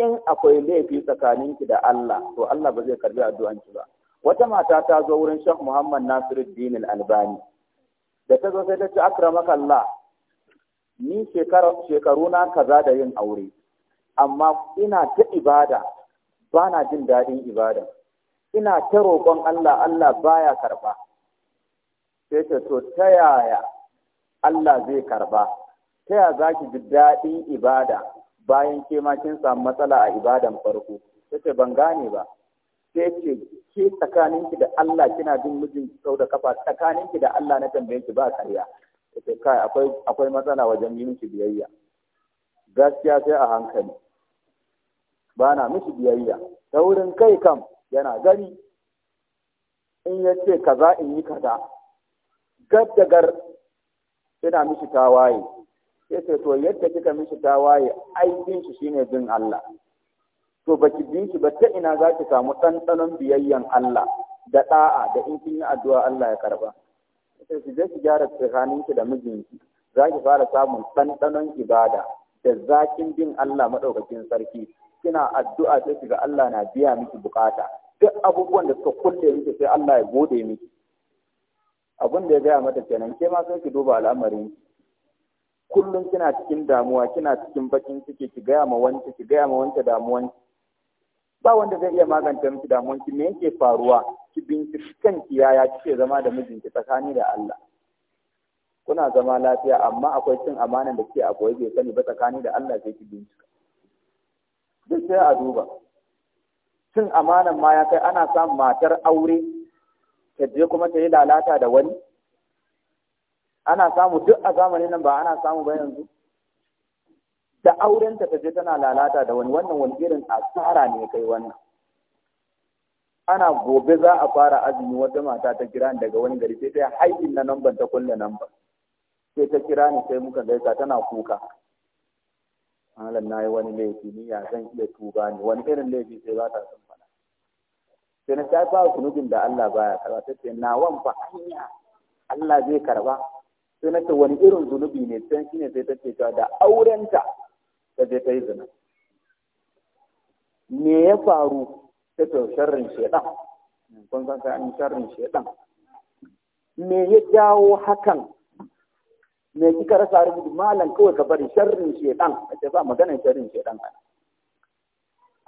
in akwai laifi tsakaninki da Allah to Allah ba zai karbi ki ba wata mata ta zo wurin Sheikh Muhammad Nasiruddin Al-Albani da ta zo sai ta ce akramaka Allah ni shekaru na kaza da yin aure amma ina ta ibada ba na jin daɗin ibada ina ta roƙon Allah Allah baya karba sai ta to ta yaya Allah zai karɓa? ta yaya za ki ji daɗin ibada bayan ke ma kin samu matsala a ibadan farko sai ban gane ba sai ce ke ki da Allah kina jin mijin sau da kafa ki da Allah na tambaye ki ba karya sai kai akwai akwai matsala wajen yin miki biyayya gaskiya sai a hankali ba na mishi biyayya ta wurin kai kam yana gani in ya ce kaza in yi kaza gaddagar ina mishi tawaye sai ce to yadda kika mishi tawaye ai bin shi shine bin Allah to baki bin shi ba ta ina za ki samu ɗanɗanon biyayyan Allah da ɗa'a da in kin yi addu'a Allah ya karba sai ki je ki gyara tsakaninki da mijinki za ki fara samun ɗanɗanon ibada da zakin bin Allah maɗaukakin sarki kina addu'a sai kiga Allah na biya miki bukata duk abubuwan da suka kulle miki sai Allah ya gode miki abin da ya gaya mata kenan ke ma sai ki duba al'amarin kullum kina cikin damuwa kina cikin bakin ciki ki gaya ma wanda ki gaya ma wanda damuwan ba wanda zai iya magance miki damuwan ki me yake faruwa ki binciki kanki yaya kike zama da mijinki tsakani da Allah kuna zama lafiya amma akwai cin amanan da ke akwai bai sani ba tsakani da Allah sai ki binciki. duk sai a duba cin amanan ma ya kai ana samun matar aure ta je kuma ta yi lalata da wani ana samu duk a zamanin nan ba ana samu ba yanzu da aurenta ta je tana lalata da wani wannan wani irin asara ne kai wannan ana gobe za a fara azumi wata mata ta kira daga wani gari sai ta haifin na namban ta kulle namban sai ta kira ni sai muka gaisa tana kuka malam na yi wani laifi ni ya zan iya tuba ni wani irin laifi sai ba ta san fada sai na sai ba kunubin da Allah baya karba ta ce na wan fa hanya Allah zai karba sai na ce wani irin zunubi ne sai shine sai ta ce da aurenta ta je ta yi zina me ya faru ta ce sharrin shedan kun san sai an sharrin shedan me ya jawo hakan me kika rasa rubutu malam kawai ka bari sharrin shedan a ce ba maganar sharrin shedan ana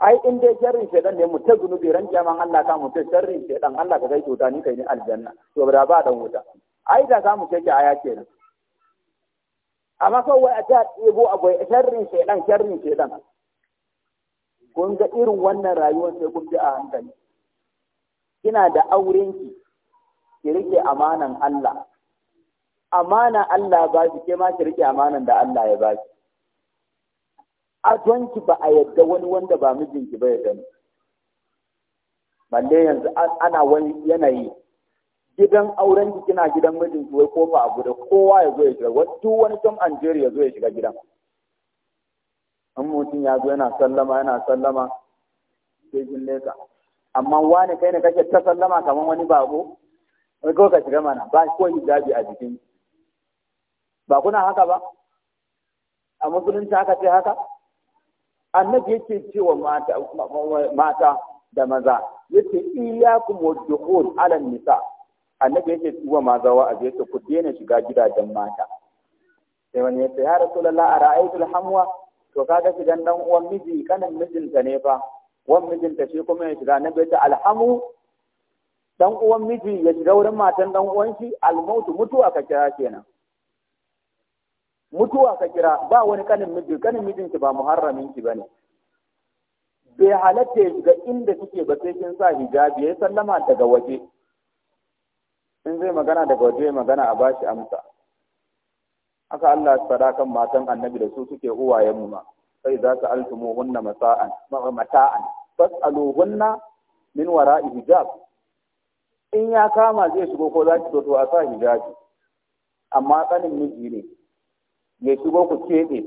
ai in dai sharrin shedan ne mu ta zunubi ran kyaman Allah ka mu sharrin shedan Allah ka kai kyauta ni kai ne aljanna to ba ba dan wuta ai da zamu ce ki aya kenan amma kawai a ta ɗebo akwai sharrin shedan sharrin shedan kun ga irin wannan rayuwar sai kun bi a hankali kina da aurenki ki rike amanan Allah amana Allah ba ki ke ma ki rike amanan da Allah ya ba ki a ki ba a yadda wani wanda ba mijinki ba ya gani balle yanzu ana wani yanayi gidan auren ki kina gidan mijinki wai kofa a guda kowa ya zo ya shiga duk wani tom anjeri ya zo ya shiga gidan an mutum ya zo yana sallama yana sallama sai jin leka amma wani kai ne kake ta sallama kamar wani babo wai ko ka shiga mana ba ko hijabi a jikinki ba kuna haka ba a musulunci haka ce haka annabi yake cewa mata mata da maza yace iyyakum wadkhul ala nisa annabi yake cewa maza wa aje ku daina shiga gidajen mata sai wani yace ya rasulullah ara'aytu alhamwa to kaga shigan dan uwan miji kanan mijinta ne fa wan mijinta shi kuma ya shiga annabi ta alhamu dan uwan miji ya shiga wurin matan dan uwan shi almautu mutuwa ka kira kenan mutuwa ka kira ba wani kanin miji kanin mijinki ba muharramin ki bane bai halatta ya shiga inda kike ba sai kin sa hijabi ya sallama daga waje in zai magana daga waje magana a bashi amsa haka Allah sadakan matan annabi da su suke uwayen mu ma sai za su altumu hunna masa'an mata'an fasalu hunna min wara'i hijab in ya kama zai shigo ko za ki to a sa hijabi amma kanin miji ne ya shigo ku keɓe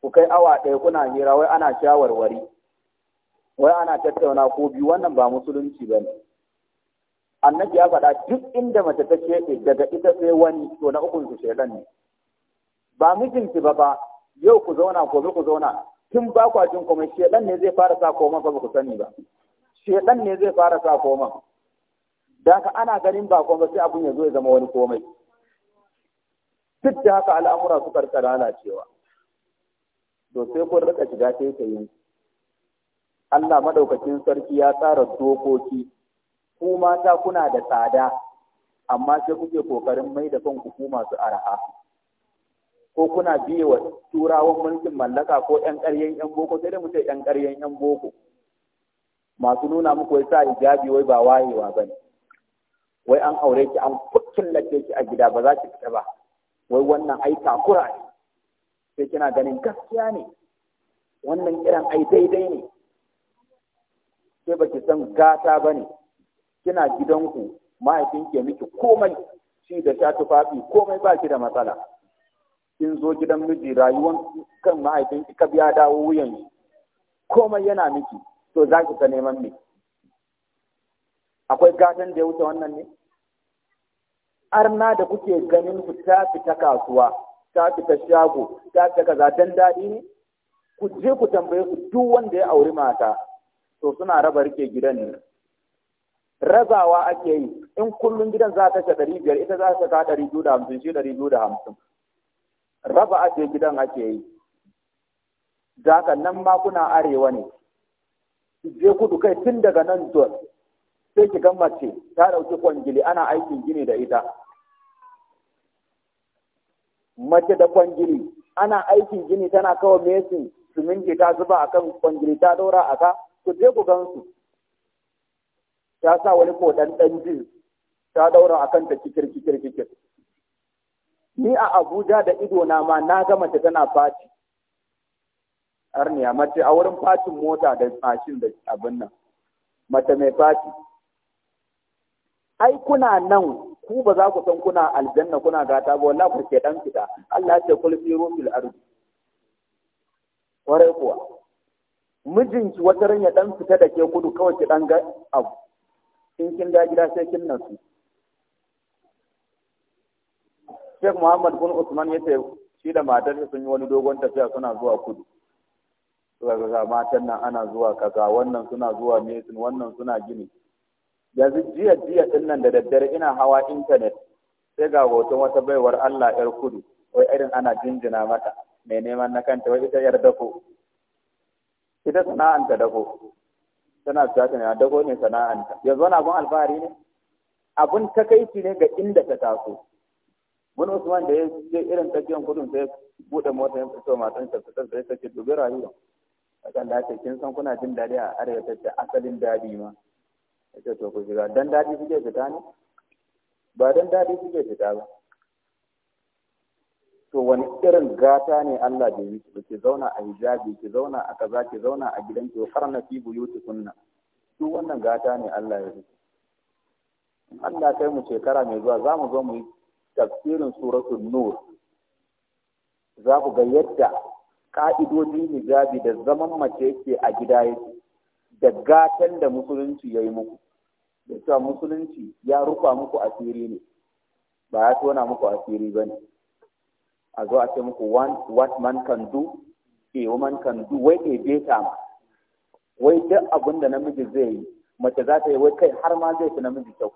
ku kai awa ɗaya kuna hira wai ana shawarwari wai ana tattauna ko biyu wannan ba musulunci ba ne annabi ya faɗa duk inda mace ta keɓe daga ita sai wani to na ukun su shaidan ne ba mijinki ba ba yau ku zauna ko ku zauna tun ba kwa jin komai shaidan ne zai fara sa koma ba ku sani ba Shaidan ne zai fara sa koma dan ana ganin ba komai sai abun ya zo ya zama wani komai duk da haka al'amura su karka cewa to sai kun rika shiga sai ka yi Allah madaukakin sarki ya tsara dokoki ku mata kuna da tsada amma sai kuke kokarin mai da kanku ku masu arha ko kuna biye wa turawan mulkin mallaka ko ƴan ƙaryen ƴan boko sai dai mu ce ƴan ƙaryen ƴan boko masu nuna muku wai sa hijabi wai ba wayewa bane wai an aure ki an kullace ki a gida ba za ki fita ba wai wannan ai takura ne sai kina ganin gaskiya ne wannan irin ai daidai ne sai baki san gata ba ne kina gidanku mahaifin ke miki komai shi da sha tufafi komai ba shi da matsala kin zo gidan miji rayuwan kan mahaifin ki ka biya dawo wuyan shi komai yana miki to za ki ta neman me akwai gatan da ya wuce wannan ne arna da kuke ganin ku ta fita kasuwa ta fita shago ta fita kaza don daɗi ne ku je ku tambaye ku duk wanda ya auri mata to suna raba rike gidan ne razawa ake yi in kullum gidan za ta ɗari biyar ita za ta ka ɗari biyu da hamsin shi ɗari biyu da hamsin raba ake gidan ake yi Daga nan ma kuna arewa ne je kudu kai tun daga nan zuwa sai ki mace ta ɗauki kwangili ana aikin gini da ita mace da kwangili ana aikin gini tana kawo mesin siminti ta zuba a kan kwangili ta a aka ku je ku gansu ta sa wani ko ɗanɗan dan jin ta daura akan ta kikir kikir kikir ni a Abuja da ido na ma na ga mace tana faci arniya mace a wurin facin mota da mashin da abin nan mace mai faci ai kuna nan ku ba za ku san kuna aljanna kuna gata ba wallahi ku ke dan fita Allah ya ce kul fi rumil ardi kwarai kuwa mijinki wata ran ya dan fita da ke kudu kawai ki dan ga abu in kin da gida sai kin nasu Sheikh Muhammad bin Usman ya ce shi da matar sun yi wani dogon tafiya suna zuwa kudu suka ga matan nan ana zuwa kaza wannan suna zuwa ne wannan suna gini yanzu jiya jiya din nan da daddare ina hawa intanet sai ga hoton wata baiwar Allah yar kudu wai irin ana jinjina mata mai neman na kanta wai ita yar dako ita sana'anta dako tana fita ta ne dako ne sana'anta yanzu wani abun alfahari ne abun takaici ne ga inda ta taso wani usman da ya je irin tsakiyar kudin sai bude mota ya fito matan ta fita sai ta ce dubi rayuwa kan da ake kin san kuna jin dadi a arewa ta ce asalin dadi ma ce to ku shiga dan daɗi suke fita ne ba dan daɗi suke fita ba to wani irin gata ne Allah bai yi ba ki zauna a hijabi ki zauna a kaza ki zauna a gidan ki na fi buyuti kunna duk wannan gata ne Allah ya yi Allah kai mu shekara mai zuwa za mu zo mu yi tafsirin suratul nur za ku ga yadda ka'idodin hijabi da zaman mace yake a gida yake da gatan da musulunci ya yi muku da cewa musulunci ya rufa muku asiri ne ba ya tona muku asiri ba ne a zo a ce muku what man can do a woman can do wai a beta ma wai duk abin da namiji zai yi mace za ta yi wai kai har ma zai fi namiji kyau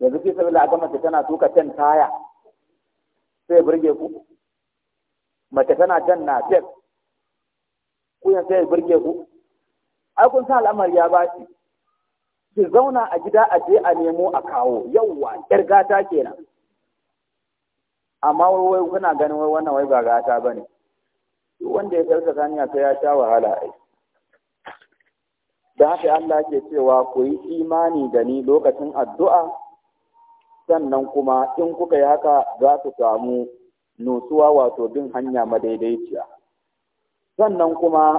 yanzu fi sabila ga mace tana tuka can taya sai burge ku mace tana can na fef ku yanzu sai burge ku ai kun sa al'amari ya shi ki zauna a gida a je a nemo a kawo wa yar gata kenan amma wai kuna ganin wai wannan wai ba gata bane wanda ya tsarka a sai ya sha wahala ai da haka Allah ke cewa ku yi imani da ni lokacin addu'a sannan kuma in kuka yi haka za ku samu nutsuwa wato bin hanya madaidaiciya sannan kuma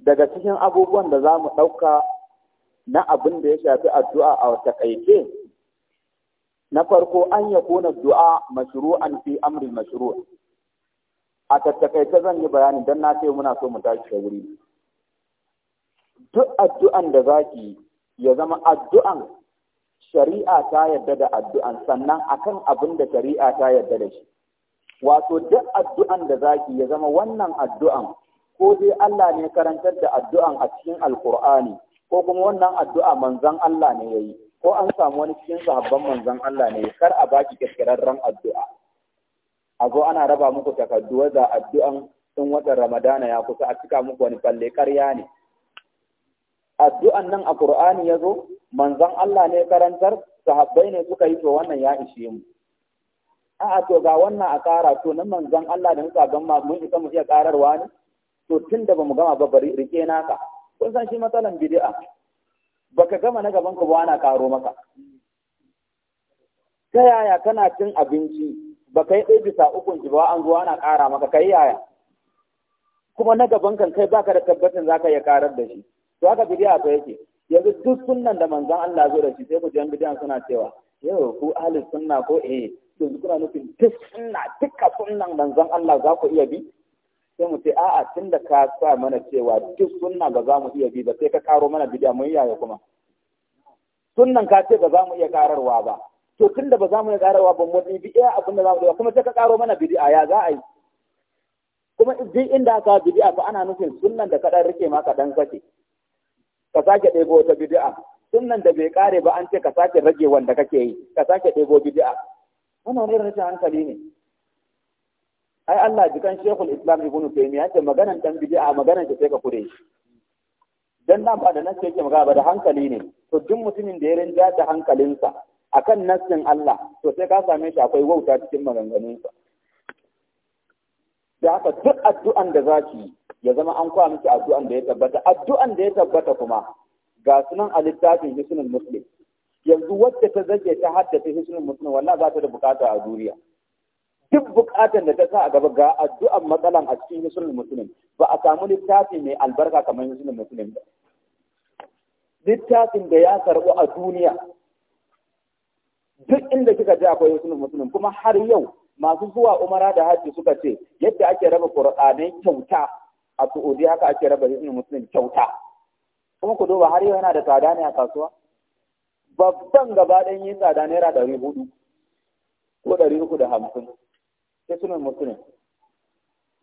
daga cikin abubuwan da za mu ɗauka na abin da ya shafi addu'a a kaice, na farko an ya kona du'a mashru'an fi amri mashru' a tattakaice zan yi bayani dan na ce muna so mu tashi da wuri duk addu'an da zaki ya zama addu'an shari'a ta yarda da addu'an sannan akan abin da shari'a ta yarda da shi wato duk addu'an da zaki ya zama wannan addu'an ko dai Allah ne karantar da addu'an a cikin alkur'ani ko kuma wannan addu'a manzan Allah ne yayi ko an samu wani cikin sahabban manzan Allah ne kar a baki kirkirarren addu'a a zo ana raba muku takaddu da addu'an tun watan Ramadana ya kusa a cika muku wani falle ƙarya ne addu'an nan a Qur'ani ya zo Allah ne karantar sahabbai ne suka yi to wannan ya ishe mu a'a to ga wannan a ƙara to nan manzan Allah da muka ga mun isa mu iya ƙararwa ne to tun da bamu gama ba bari rike naka kun san shi matsalan bid'a baka gama na gaban ka ba ana karo maka ta yaya kana cin abinci baka yi ɗaya bisa ukun ji ba an zo ana ƙara maka kai yaya kuma na gaban kan kai baka da tabbacin ka iya karar da shi to haka bid'a fa yake yanzu duk sunan da manzon Allah zo da shi sai ku ji bid'a suna cewa yau ku ahli sunna ko eh yanzu kuna nufin duk sunna duka sunan manzon Allah za ku iya bi sai mu ce a'a tun da ka sa mana cewa duk sunna ba za mu iya bi ba sai ka karo mana bidiya mun yaya kuma sunnan ka ce ba za mu iya kararwa ba to tun da ba za mu iya kararwa ba mu bi iya abin da za mu yi kuma sai ka karo mana bidiya ya za a yi kuma duk inda aka bidiya to ana nufin sunnan da ka dan rike ma ka dan sake ka sake ɗebo wata bidi'a sunnan da bai kare ba an ce ka sake rage wanda kake yi ka sake ɗebo bidi'a wannan ne rashin hankali ne ai Allah kan Sheikhul Islam Ibn Taymiyyah ce maganan dan bid'a maganan ta sai ka kure shi dan nan ba da nan ce magana ba da hankali ne to duk mutumin da ya rinja da hankalinsa akan nassin Allah to sai ka same shi akwai wauta cikin maganganunsa da haka duk addu'an da zaki ya zama an kwa miki addu'an da ya tabbata addu'an da ya tabbata kuma ga sunan a littafin hisnul muslim yanzu wacce ta zage ta haddace hisnul muslim wallahi ba ta da bukata a duniya duk bukatar da ta sa a gaba ga addu'ar matsalan a cikin musulun musulun ba a samu littafi mai albarka kamar musulun musulun ba littafin da ya karɓu a duniya duk inda kika ji akwai musulun musulun kuma har yau masu zuwa umara da hajji suka ce yadda ake raba qur'anai kyauta a su'udi haka ake raba musulun musulun kyauta kuma ku duba har yau yana da tsada ne a kasuwa babban gaba ɗayan yin tsada naira ɗari hudu ko ɗari uku da hamsin sai sunan mutumin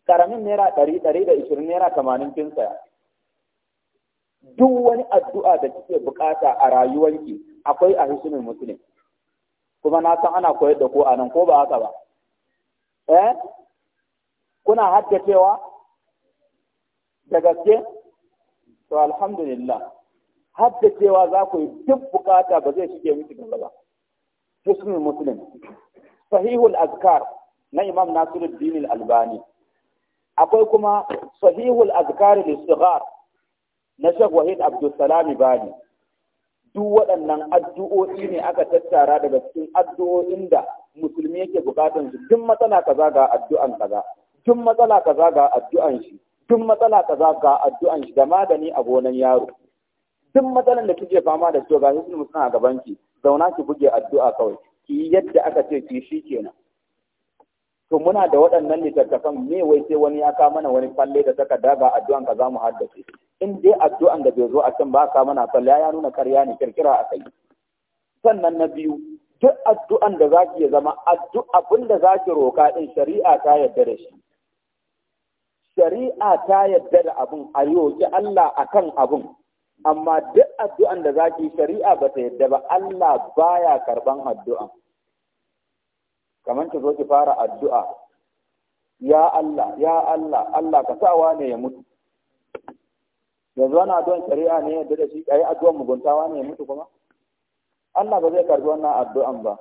karamin naira ɗari ɗari da ishirin naira tamanin kin saya duk wani addu'a da kike bukata a rayuwanki akwai a hisunin musulun kuma na san ana koyar da ko a nan ko ba haka ba eh kuna haddacewa da gaske to alhamdulillah haddacewa za ku yi duk bukata ba zai shige miki gaba ba hisunin musulun sahihul azkar na Imam Nasiruddin albani akwai kuma Sahihul azkari lil na Sheikh Wahid Abdulsalami ba Bani duk waɗannan addu'o'i ne aka tattara daga cikin addu'o'in da musulmi yake bukatan su duk matsala kaza ga addu'an kaza duk matsala kaza ga addu'an shi duk matsala kaza ga addu'an shi da magani a gonan yaro duk matsalan da kike fama da shi ga hisnu musulman a gaban ki zauna ki buge addu'a kawai ki yadda aka ce ki shi kenan to muna da waɗannan littattafan me wai sai wani ya ka mana wani falle da takarda ga addu'an ka za mu haddace in dai addu'an da bai zo a can ba ka mana falle ya nuna karya ne kirkira a kai sannan na biyu duk addu'an da za ki zama addu'a abin da za ki roka din shari'a ta yarda da shi shari'a ta yarda da abin a roki Allah akan abin amma duk addu'an da za ki shari'a ba ta yarda ba Allah baya karban addu'an kamar ta zo ki fara addu'a ya Allah ya Allah Allah ka sawa ne ya mutu yanzu ana don shari'a ne yadda da shi ayi addu'an muguntawa ne ya mutu kuma Allah ba zai karbi wannan addu'an ba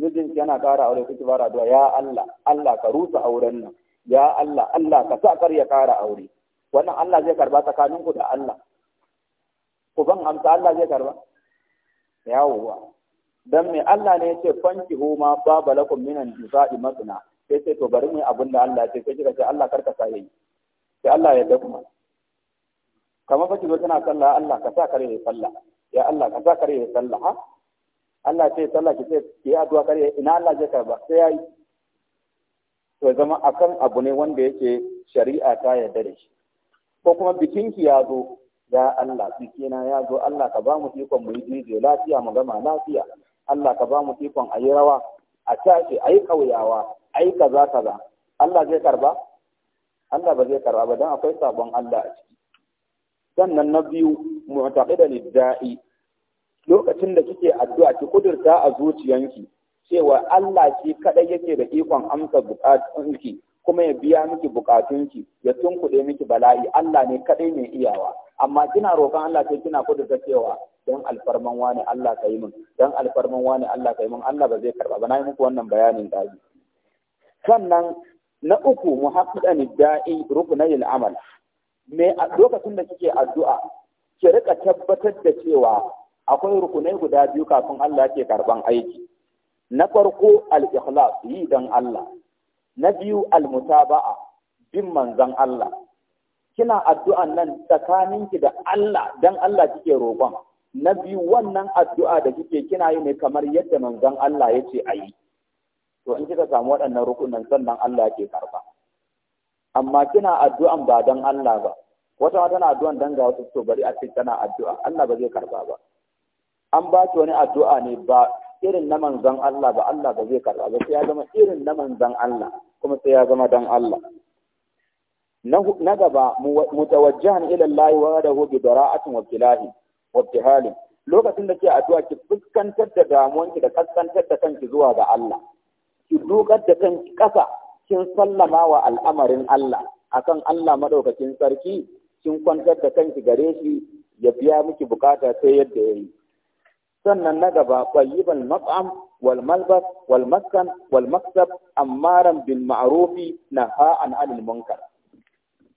mijin yana ƙara aure kuke fara addu'a ya Allah Allah ka rusa auren nan ya Allah Allah ka sa kar ya ƙara aure wannan Allah zai karba tsakaninku da Allah ku ban amsa Allah zai karba yawwa dan me Allah ne ce fanki ma baba lakum minan nisa'i masna sai sai to bari mu abin da Allah ce sai kika ce Allah karka sa yayi sai Allah ya da kuma kamar fa kizo tana sallah Allah ka sa kare ya sallah ya Allah ka sa kare ya sallah ha Allah ce sallah ki sai ki addu'a kare ina Allah zai karba sai yayi to zama akan abu ne wanda yake shari'a ta yarda da shi ko kuma bikinki ya zo ya Allah bikina ya zo Allah ka ba mu ikon mu yi lafiya mu gama lafiya Allah ka ba mu ikon a yi rawa a tashi a yi ƙauyawa a yi kaza kaza Allah zai karba Allah ba zai karba ba don akwai sabon Allah a ciki sannan na biyu da lidda'i lokacin da kike addu'a ki kudurta a zuciyanki cewa Allah shi kadai yake da ikon amsa bukatunki kuma ya biya miki bukatunki ya tunkuɗe miki bala'i Allah ne kaɗai mai iyawa amma kina roƙon Allah sai kina kudurta cewa dan alfarman wani Allah ka yi min dan alfarman wani Allah ka yi min Allah ba zai karba ba na yi muku wannan bayanin dazu sannan na uku muhaqqidan da'i rukunai amal me a lokacin da kike addu'a ki rika tabbatar da cewa akwai rukunai guda biyu kafin Allah ke karban aiki na farko al-ikhlas yi dan Allah na biyu al-mutaba'a bin manzon Allah kina addu'an nan tsakaninki da Allah dan Allah kike roƙon na biyu wannan addu'a da kike kina yi ne kamar yadda manzon Allah ya ce a yi to in kika samu waɗannan rukunan sannan Allah ke karba amma kina addu'an ba don Allah ba wata wata na addu'an dan ga wasu to bari a ce tana addu'a Allah ba zai karba ba an ba ki wani addu'a ne ba irin na manzon Allah ba Allah ba zai karba ba sai ya zama irin na manzon Allah kuma sai ya zama dan Allah na gaba mutawajjihan ila Allah wa dahu bi dara'atin wa bilahi wabtihali lokacin da ke addu'a ki fuskantar da ki da kaskantar da kanki zuwa ga Allah ki dukar da kanki kasa kin sallama wa al'amarin Allah akan Allah madaukakin sarki kin kwantar da kanki gare shi ya biya miki bukata sai yadda yayi sannan na gaba tayyibal mat'am wal malbas wal maskan wal maksab ammaran bil ma'rufi an anil munkar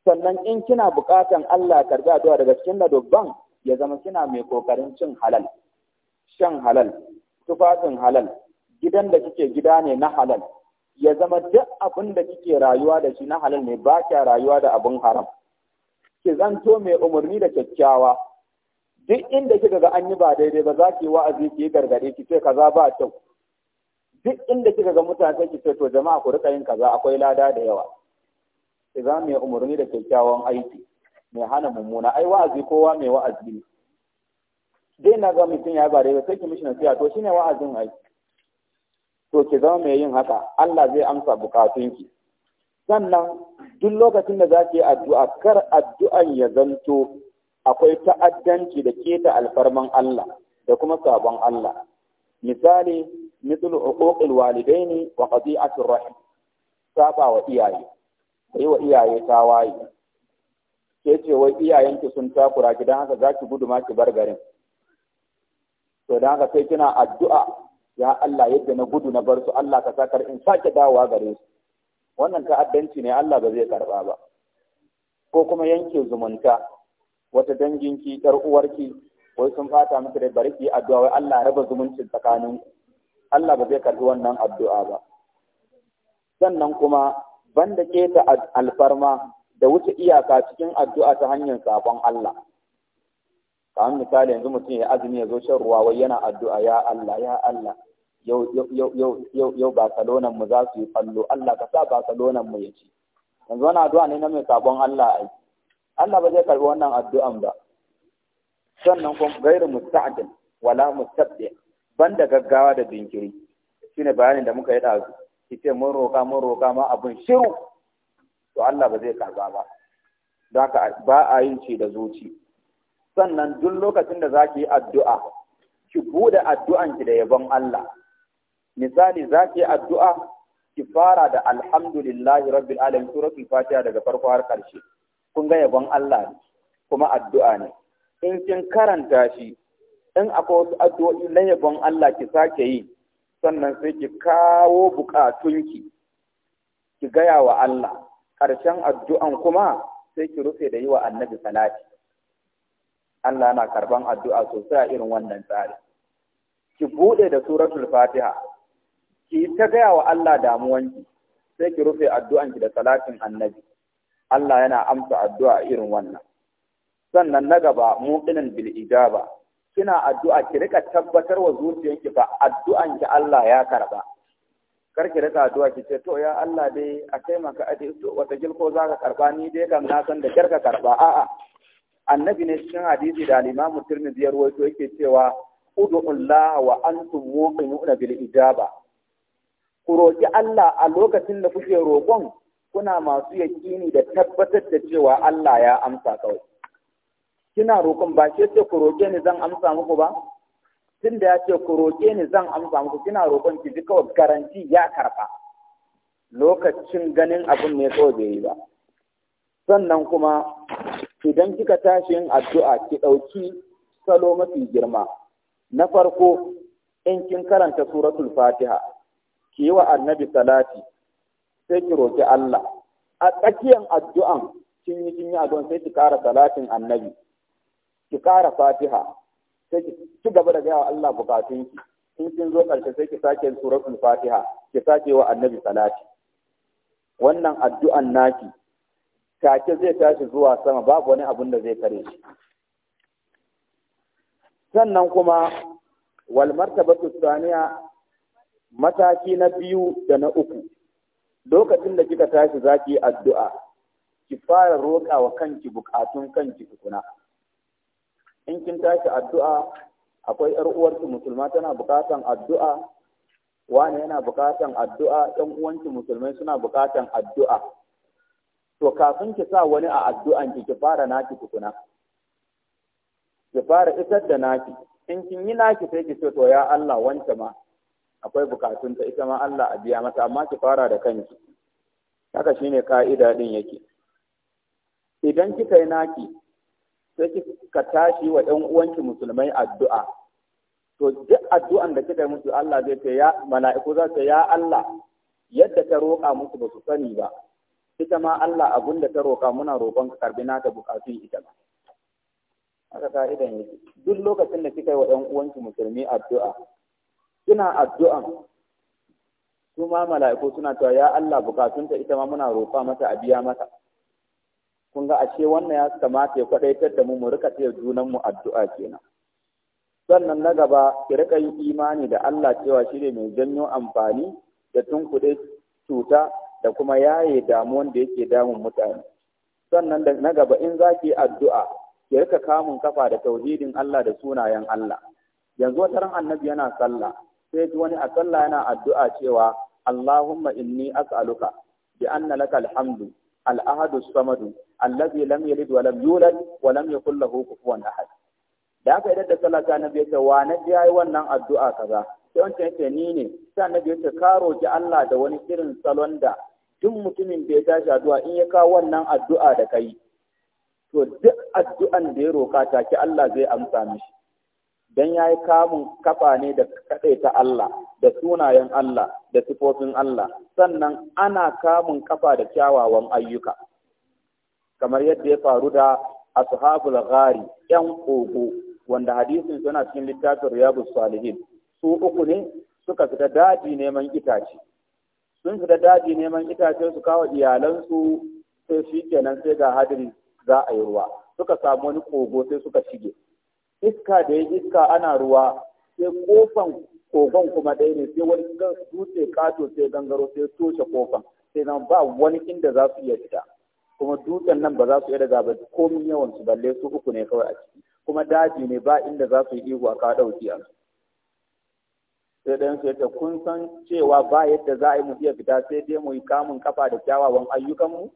sannan in kina bukatan Allah karga addu'a daga cikin dubban ya zama suna mai kokarin cin halal shan halal tufafin halal gidan da kike gida ne na halal ya zama duk abin da kike rayuwa da shi na halal ne ba kya rayuwa da abin haram ki zanto mai umarni da kyakkyawa duk inda kika ga an yi ba daidai ba za ki yi wa'azi ki yi gargaɗe ki ce kaza ba kyau duk inda kika ga mutane ki ce to jama'a ku rika yin kaza akwai lada da yawa ki za mai umarni da kyakkyawan aiki mai hana mummuna ai wa'azi kowa mai wa'azi ne dai na ga mutum ya bare ba sai ki mishi nasiha to shine wa'azin ai to ki zama mai yin haka Allah zai amsa bukatunki sannan duk lokacin da za ki yi addu'a kar addu'an ya zanto akwai ta'addanci da keta alfarman Allah da kuma sabon Allah misali mithl uquqil walidaini wa qati'atir rahim saba wa iyaye kai wa iyaye tawaye ke ce wai iyayenki sun takura ki don haka za ki gudu ma ki bar garin to don haka sai kina addu'a ya Allah yadda na gudu na bar su Allah ka sakar in sake dawowa gare su wannan ta'addanci ne Allah ba zai karba ba ko kuma yanke zumunta wata danginki yar uwarki wai sun fata miki da bari ki addu'a wai Allah raba zumunci tsakanin Allah ba zai karbi wannan addu'a ba sannan kuma banda keta alfarma da wuce iyaka cikin addu'a ta hanyar sabon Allah kamar misali yanzu mutum ya azumi ya zo shan ruwa wai yana addu'a ya Allah ya Allah yau yau yau yau Barcelona mu za su yi fallo Allah ka sa Barcelona mu ya ci yanzu wannan addu'a ne na mai sabon Allah ai Allah ba zai karbi wannan addu'an ba sannan kuma gairu musta'adin wala ban da gaggawa da jinkiri shine bayanin da muka yi Ki ita mun roka mun roka ma abun shiru to Allah ba zai karba ba don ba a yin ce da zuci sannan duk lokacin da zaki yi addu'a ki bude addu'an ki da yabon Allah misali zaki yi addu'a ki fara da alhamdulillahi rabbil alamin suratul fatiha daga farko har karshe kun ga yabon Allah ne kuma addu'a ne in kin karanta shi in akwai wasu addu'o'i na yabon Allah ki sake yi sannan sai ki kawo bukatunki ki gaya wa Allah ƙarshen addu'an kuma sai ki rufe da yi wa annabi salati Allah na karban addu'a sosai a irin wannan tsari ki buɗe da suratul fatiha ki ta gaya wa Allah damuwanki sai ki rufe addu'anki da salatin annabi Allah yana amsa addu'a irin wannan sannan na gaba muqinin bil ijaba kina addu'a ki rika tabbatar wa zuciyanki fa addu'anki Allah ya karɓa. karki da addu'a ki ce to ya Allah dai a taimaka a to wata gilko za ka karba ni dai kan na san da karka karba a annabi ne cikin hadisi da al-Imam Tirmidhi ya rawaito yake cewa ud'ullah wa antum muqinuna bil ijaba ku roki Allah a lokacin da kuke roƙon kuna masu yaƙini da tabbatar da cewa Allah ya amsa kawai kina roƙon ba ke ce ku roƙe ni zan amsa muku ba tun da ya ce ku roƙe ni zan amsa muku kina roƙon ki ji kawai garanti ya karɓa lokacin ganin abin ne kawai bai yi ba sannan kuma idan kika tashi yin addu'a ki ɗauki salo mafi girma na farko in kin karanta suratul fatiha ki yi wa annabi salati sai ki roƙi Allah a tsakiyar addu'an kin yi kin yi sai ki ƙara salatin annabi ki ƙara fatiha ci gaba da gaya wa Allah bukatunki in kin zo ƙarshe sai ki sake suratul fatiha ki sake wa annabi salati wannan addu'an naki take zai tashi zuwa sama babu wani abun da zai kare shi sannan kuma wal martabatu thaniya mataki na biyu da na uku lokacin da kika tashi zaki addu'a ki fara roƙa wa kanki bukatun kanki tukuna in kin tashi addu'a akwai ‘yar uwarki musulma tana bukatan addu'a wani yana bukatan addu'a ‘yan uwanki musulmai suna bukatan addu'a to kafin ki sa wani a addu'an ki ki fara naki tukuna ki fara isar da naki in kin yi naki sai ki ce to ya Allah wanta ma akwai ta ita ma Allah a biya mata amma ki fara da kanki haka shine ka'ida din yake idan kika yi naki sai ka tashi wa ɗan uwanki musulmai addu'a to duk addu'an da kika yi musu Allah zai ce ya mala'iku za su ya Allah yadda ta roƙa musu ba su sani ba ita ma Allah abun da ta roƙa muna roƙon ka karbi nata bukatun ita ba haka ta idan yake duk lokacin da kika yi wa ɗan uwanki musulmi addu'a kina addu'an su ma mala'iku suna cewa ya Allah bukatunta ita ma muna roƙa mata a biya mata kun ga ashe wannan ya kamata ya kwadaitar da mu mu rika taya junan mu addu'a kenan sannan na gaba ki rika yin imani da Allah cewa shi ne mai janyo amfani da tunkuɗe cuta da kuma yaye damuwan da yake damun mutane sannan da na gaba in za ki addu'a ki rika kamun kafa da tauhidin Allah da sunayen Allah yanzu wata ran annabi yana sallah sai ji wani a sallah yana addu'a cewa Allahumma inni as'aluka bi anna alhamdu. al'ahadu samadu الذي لم يلد ولم يولد ولم wa له كفوا lahu da aka idan da sallah na annabi wa na yayi wannan addu'a kaza sai wancan yace ni ne sai annabi yace ka roki Allah da wani irin salon da duk mutumin da ya tashi addu'a in ya kawo wannan addu'a da kai to duk addu'an da ya roka ki Allah zai amsa mishi dan ya yi kamun kafa ne da ta Allah da sunayen Allah da sifofin Allah sannan ana kamun kafa da kyawawan ayyuka kamar yadda ya faru da ashabul ghari yan kogo wanda hadisin suna cikin littafin riyadus salihin su uku ne suka fita daji neman itace sun fita daji neman itace su kawo iyalansu sai shikenan sai ga hadiri za a yi ruwa suka samu wani kogo sai suka shige iska da ya iska ana ruwa sai kofan kogon kuma ɗaya ne sai wani dutse kato sai gangaro sai toshe kofan sai zama ba wani inda za su iya fita kuma dutsen nan ba za su iya daga ba komin yawan su balle su uku ne kawai a ciki kuma daji ne ba inda za su yi ihu a ka ɗauki a sai ɗayan su yadda kun san cewa ba yadda za a yi mu iya fita sai dai mu yi kamun kafa da kyawawan ayyukanmu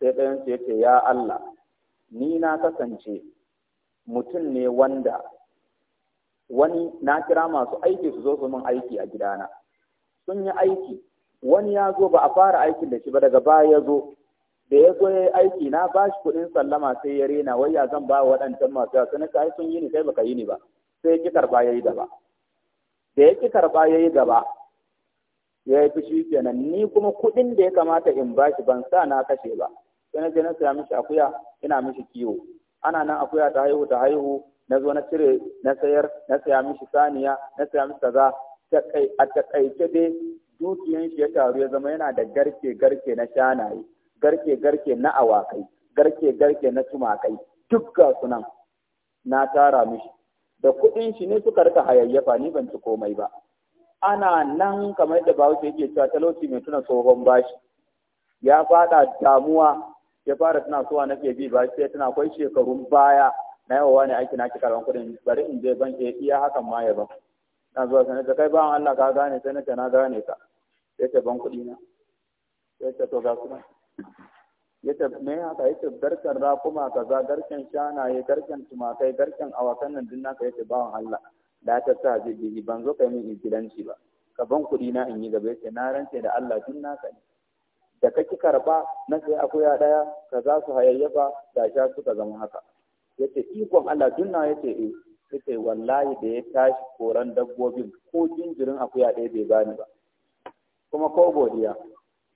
sai ɗayan su yadda ya Allah ni na kasance mutum ne wanda wani na kira masu aiki su zo su min aiki a gidana sun yi aiki wani ya zo ba a fara aikin da shi ba daga baya ya zo da ya zo ya yi aiki na ba shi kuɗin sallama sai ya rena wai ya zan ba wa waɗancan masu yawa sun kai sun yi ni kai baka yi ni ba sai ya ki karɓa ya yi gaba da ya ki karɓa ya yi gaba ya yi fushi kenan ni kuma kuɗin da ya kamata in ba shi ban sa na kashe ba sai na je na saya mishi akuya ina mishi kiwo ana nan akuya ta haihu ta haihu na zo na cire na sayar na saya mishi saniya na saya mishi kaza a takaice dai dukiyan shi ya taru ya zama yana da garke garke na shanaye garke garke na awakai garke garke na tumakai duk ga sunan na tara mishi da kuɗin shi ne suka rika hayayyafa ni ban ci komai ba ana nan kamar da bawo yake cewa talauci mai tuna tsohon bashi ya fada damuwa ya fara tana suwa nake bi ba sai tana akwai shekarun baya na yawa wani aiki na karban kudin bari in je banki eh, iya hakan ma ya ba na zuwa sanar da kai bawan Allah ka gane sai ta na gane ka ya ta ban kuɗi na ya ta to ga kuma yace me haka yace garken rakuma kaza garken shanaye garken tumakai garkan awakan nan din naka yace bawan Allah da ta sa jibi ban zo kai min incidanci ba ka ban kuɗi na in yi gaba yace na rance da Allah din naka ne da kake karba na sai akuya daya za su hayayyafa da sha suka zama haka yace ikon Allah dunna yace eh yace wallahi da ya tashi koran dabbobin ko jinjirin akuya daya bai bani ba kuma ko godiya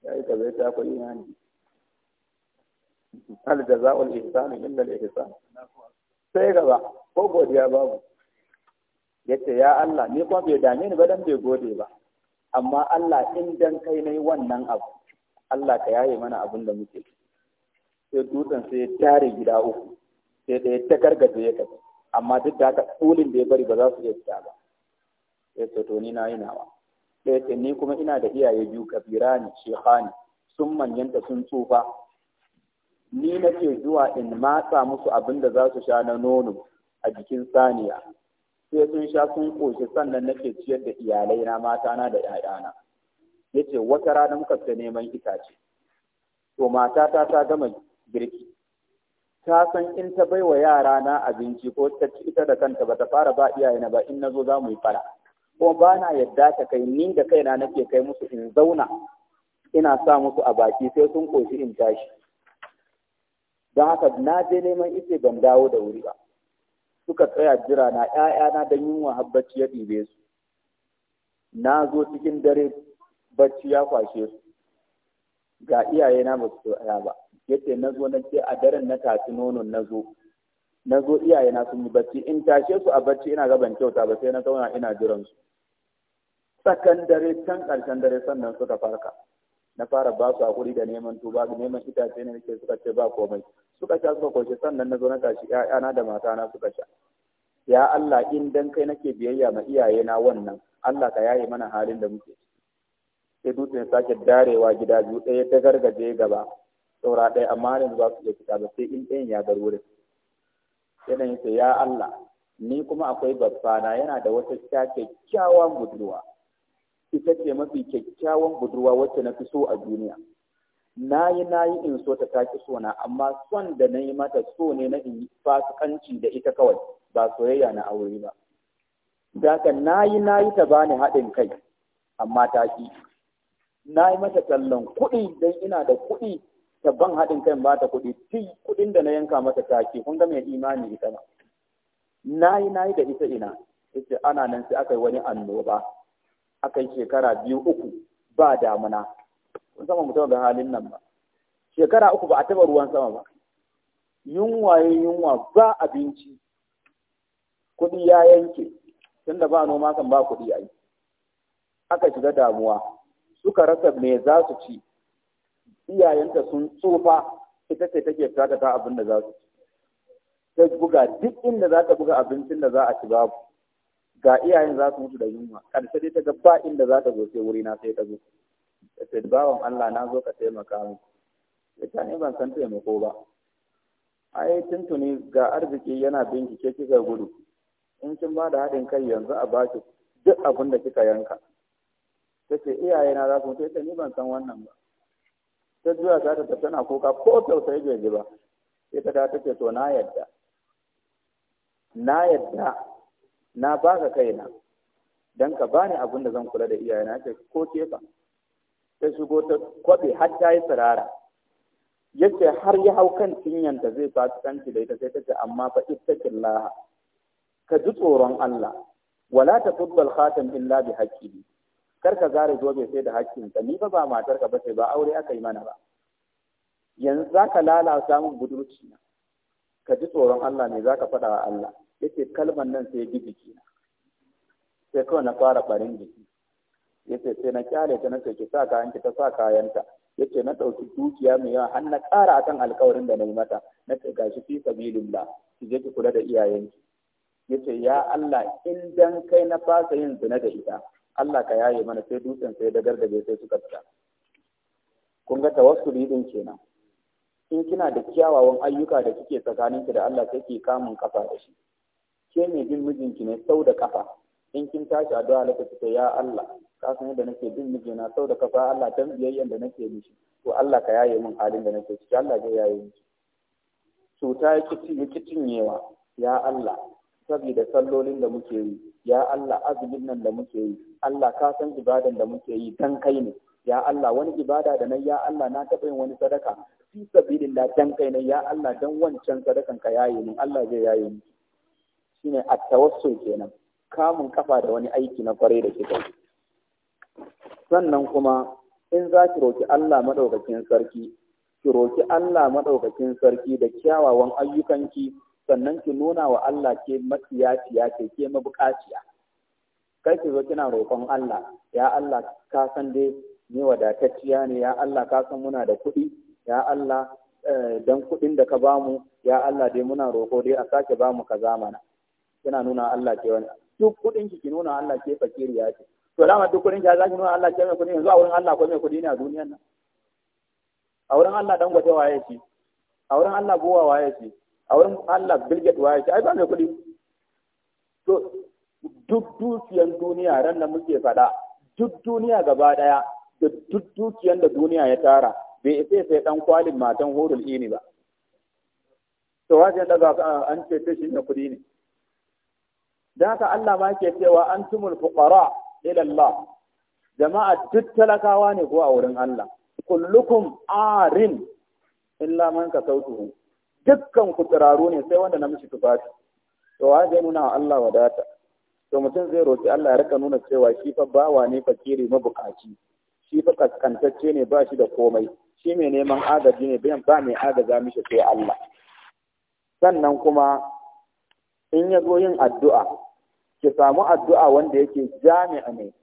yayi ka bai ta kuɗi na ni hal jaza'ul ihsan illa al ihsan sai gaba ko godiya babu yace ya Allah ni kuma bai dame ni ba dan bai gode ba amma Allah in dan kai nayi wannan abu Allah ka yaye mana abin da muke sai dutsen sai ya tare gida uku sai ɗaya ta gargaje ya tafi amma duk da haka tsulin da ya bari ba za su iya fita ba sai sato ni na yi nawa ɗaya ni kuma ina da iyaye biyu kabira ne ne, sun manyanta sun tsufa ni na ke zuwa in matsa musu abin da za su sha na nono a jikin saniya sai sun sha sun ƙoshi sannan nake ciyar da iyalai iyalaina matana da ‘ya'yana ya ce wata rana muka fita neman itace to matata ta gama girki ta san in ta bai wa yara na abinci ko ta ci ita da kanta ba ta fara ba iyaye na ba in na zo za mu yi fara ko ba na yadda ta kai ni da kaina nake kai musu in zauna ina sa musu a baki sai sun koshi in tashi don haka na je neman ice ban dawo da wuri ba suka tsaya jira na ‘ya'yana don yunwa habbaci ya ɗibe su na zo cikin dare bacci ya kwashe su ga iyaye na ba su tsaya ba yace na zo na ce a daren na tafi nonon na zo na zo iyaye na sun yi bacci in tashe su a bacci ina gaban kyauta ba sai na zauna ina jiran su tsakan dare can ƙarshen dare sannan suka farka na fara ba su hakuri da neman tuba da neman itace ne nake suka ce ba komai suka sha suka kwashe sannan na zo na tashi ƴaƴana da matana suka sha ya Allah in dan kai nake biyayya ma iyayena wannan Allah ka yaye mana halin da muke sai dutsen sake darewa gida biyu ɗaya ta gargaje gaba saura ɗaya amma yanzu ba su iya fita ba sai in ɗayan ya gar wurin yanayin sai ya Allah ni kuma akwai babbana yana da wata sha kyakkyawan budurwa ita ce mafi kyakkyawan budurwa wacce na fi so a duniya na yi na yi in so ta take so na amma son da na yi mata so ne na in fasikanci da ita kawai ba soyayya na aure ba Daka na yi na yi ta bani haɗin kai amma ta ki na yi mata tallan kuɗi don ina da kuɗi ta ban haɗin kai ba ta kuɗi ti kuɗin da na yanka mata ke kun ga mai imani ita ba na yi na yi da ita ina ita ana nan sai aka yi wani annoba aka yi shekara biyu uku ba damuna kun sama mutum ga halin nan ba shekara uku ba a taɓa ruwan sama ba yunwa ya yunwa ba abinci kuɗi ya yanke tunda ba noma kan ba kuɗi a yi aka shiga damuwa suka rasa me za su ci iyayenta sun tsufa ita ce take fita ta abin da za su ci ta buga duk inda za ta buga abincin da za a ci babu ga iyayen za su mutu da yunwa karshe dai ta ga ba inda za ta zo sai wuri na sai ta zo ta bawan Allah na zo ka taimaka mu ita ne ban san taimako ba ai tuntuni ga arziki yana bincike kika gudu in kin ba da haɗin kai yanzu a baki duk abin da kika yanka ta ce iyaye na za su mutu ita ni ban san wannan ba ta juya ta tafi tana kuka ko tausayi bai ji ba sai ta ta ce to na yadda na yadda na baka kaina don ka bani abin da zan kula da iyayena ce ko ke ba ta shigo ta kwabe har ta yi tsirara ce har ya hau kan cinyanta zai kanci da ita sai ta ce amma fa laha. ka ji tsoron Allah wala ta tubbal khatam illa bi haqqihi kar ka zare zobe sai da hakkin ka ni ba ba matar ka ba sai ba aure aka yi mana ba yanzu za ka lalata mun budurci na ka ji tsoron Allah ne za ka faɗa wa Allah ce kalman nan sai bi jiki na sai kawai na fara barin jiki yace sai na kyale ta na ce ki sa kayan ki ta sa kayanta yace na ɗauki dukiya mai yawa har na ƙara akan alkawarin da na yi mata na ce gashi fi sabilillah ki je ki kula da iyayenki yace ya Allah in dan kai na fasa yin zina da ita Allah ka yaye mana sai dutsen sai da gargaje sai suka fita kun ga tawassuli din kenan in kina da kyawawan ayyuka da kike tsakanin ki da Allah sai ke kamun kafa da shi ke ne bin mijinki ne sau da kafa in kin tashi addu'a lokaci ta ya Allah ka san yadda nake bin mijina sau da kafa Allah dan biyayyen da nake mishi to Allah ka yaye min halin da nake ciki Allah zai yaye miki cuta ya kici ya ya Allah saboda sallolin da muke yi ya Allah azumin nan da muke yi Allah ka san ibadan da muke yi dan kai ne ya Allah wani ibada da nan ya Allah na taɓa yin wani sadaka fi sabilillah dan kai ne ya Allah dan wancan sadakan ka yaye ni Allah zai yaye ni shine at-tawassul kenan kamun kafa da wani aiki na kwarai da kika sannan kuma in za ki roki Allah madaukakin sarki ki roki Allah madaukakin sarki da kyawawan ayyukanki sannan ki nuna wa Allah ke matsiya ce ke mabukaciya kai ki zo kina roƙon Allah ya Allah ka san dai ni wadatacciya ne ya Allah ka san muna da kuɗi ya Allah eh, dan kuɗin da ka bamu ya Allah dai muna roƙo dai a sake bamu ka zamana kina nuna Allah ke wani duk kuɗin ki nuna Allah ke fakiriya ce to dama duk kuɗin ki za ki nuna Allah ke mai kuɗi yanzu a wurin Allah ko mai kuɗi ne a duniyan nan a wurin Allah dan gwaje waye ce a wurin Allah buwa waye ce a wurin Allah Bilget Waya waye shi ai ba mai kuɗi to duk dukiyan duniya ran da muke faɗa duk duniya gaba ɗaya da duk dukiyan da duniya ya tara bai isa sai dan kwalin matan horul ini ba to wace daga an ce ta shi ne kudi ne da haka Allah ma ke cewa an fuqara ila Allah jama'a duk talakawa ne ko a wurin Allah kullukum arin illa man sautu. dukkan ku tsiraro ne sai wanda namiji tufafi to wa zai nuna wa Allah wadata to mutum zai roki Allah ya rika nuna cewa shi fa bawa ne fakiri mabukaci shi fa kaskantacce ne ba shi da komai shi mai neman agaji ne bayan ba mai agaza mishi sai Allah sannan kuma in ya zo yin addu'a ki samu addu'a wanda yake jami'a ne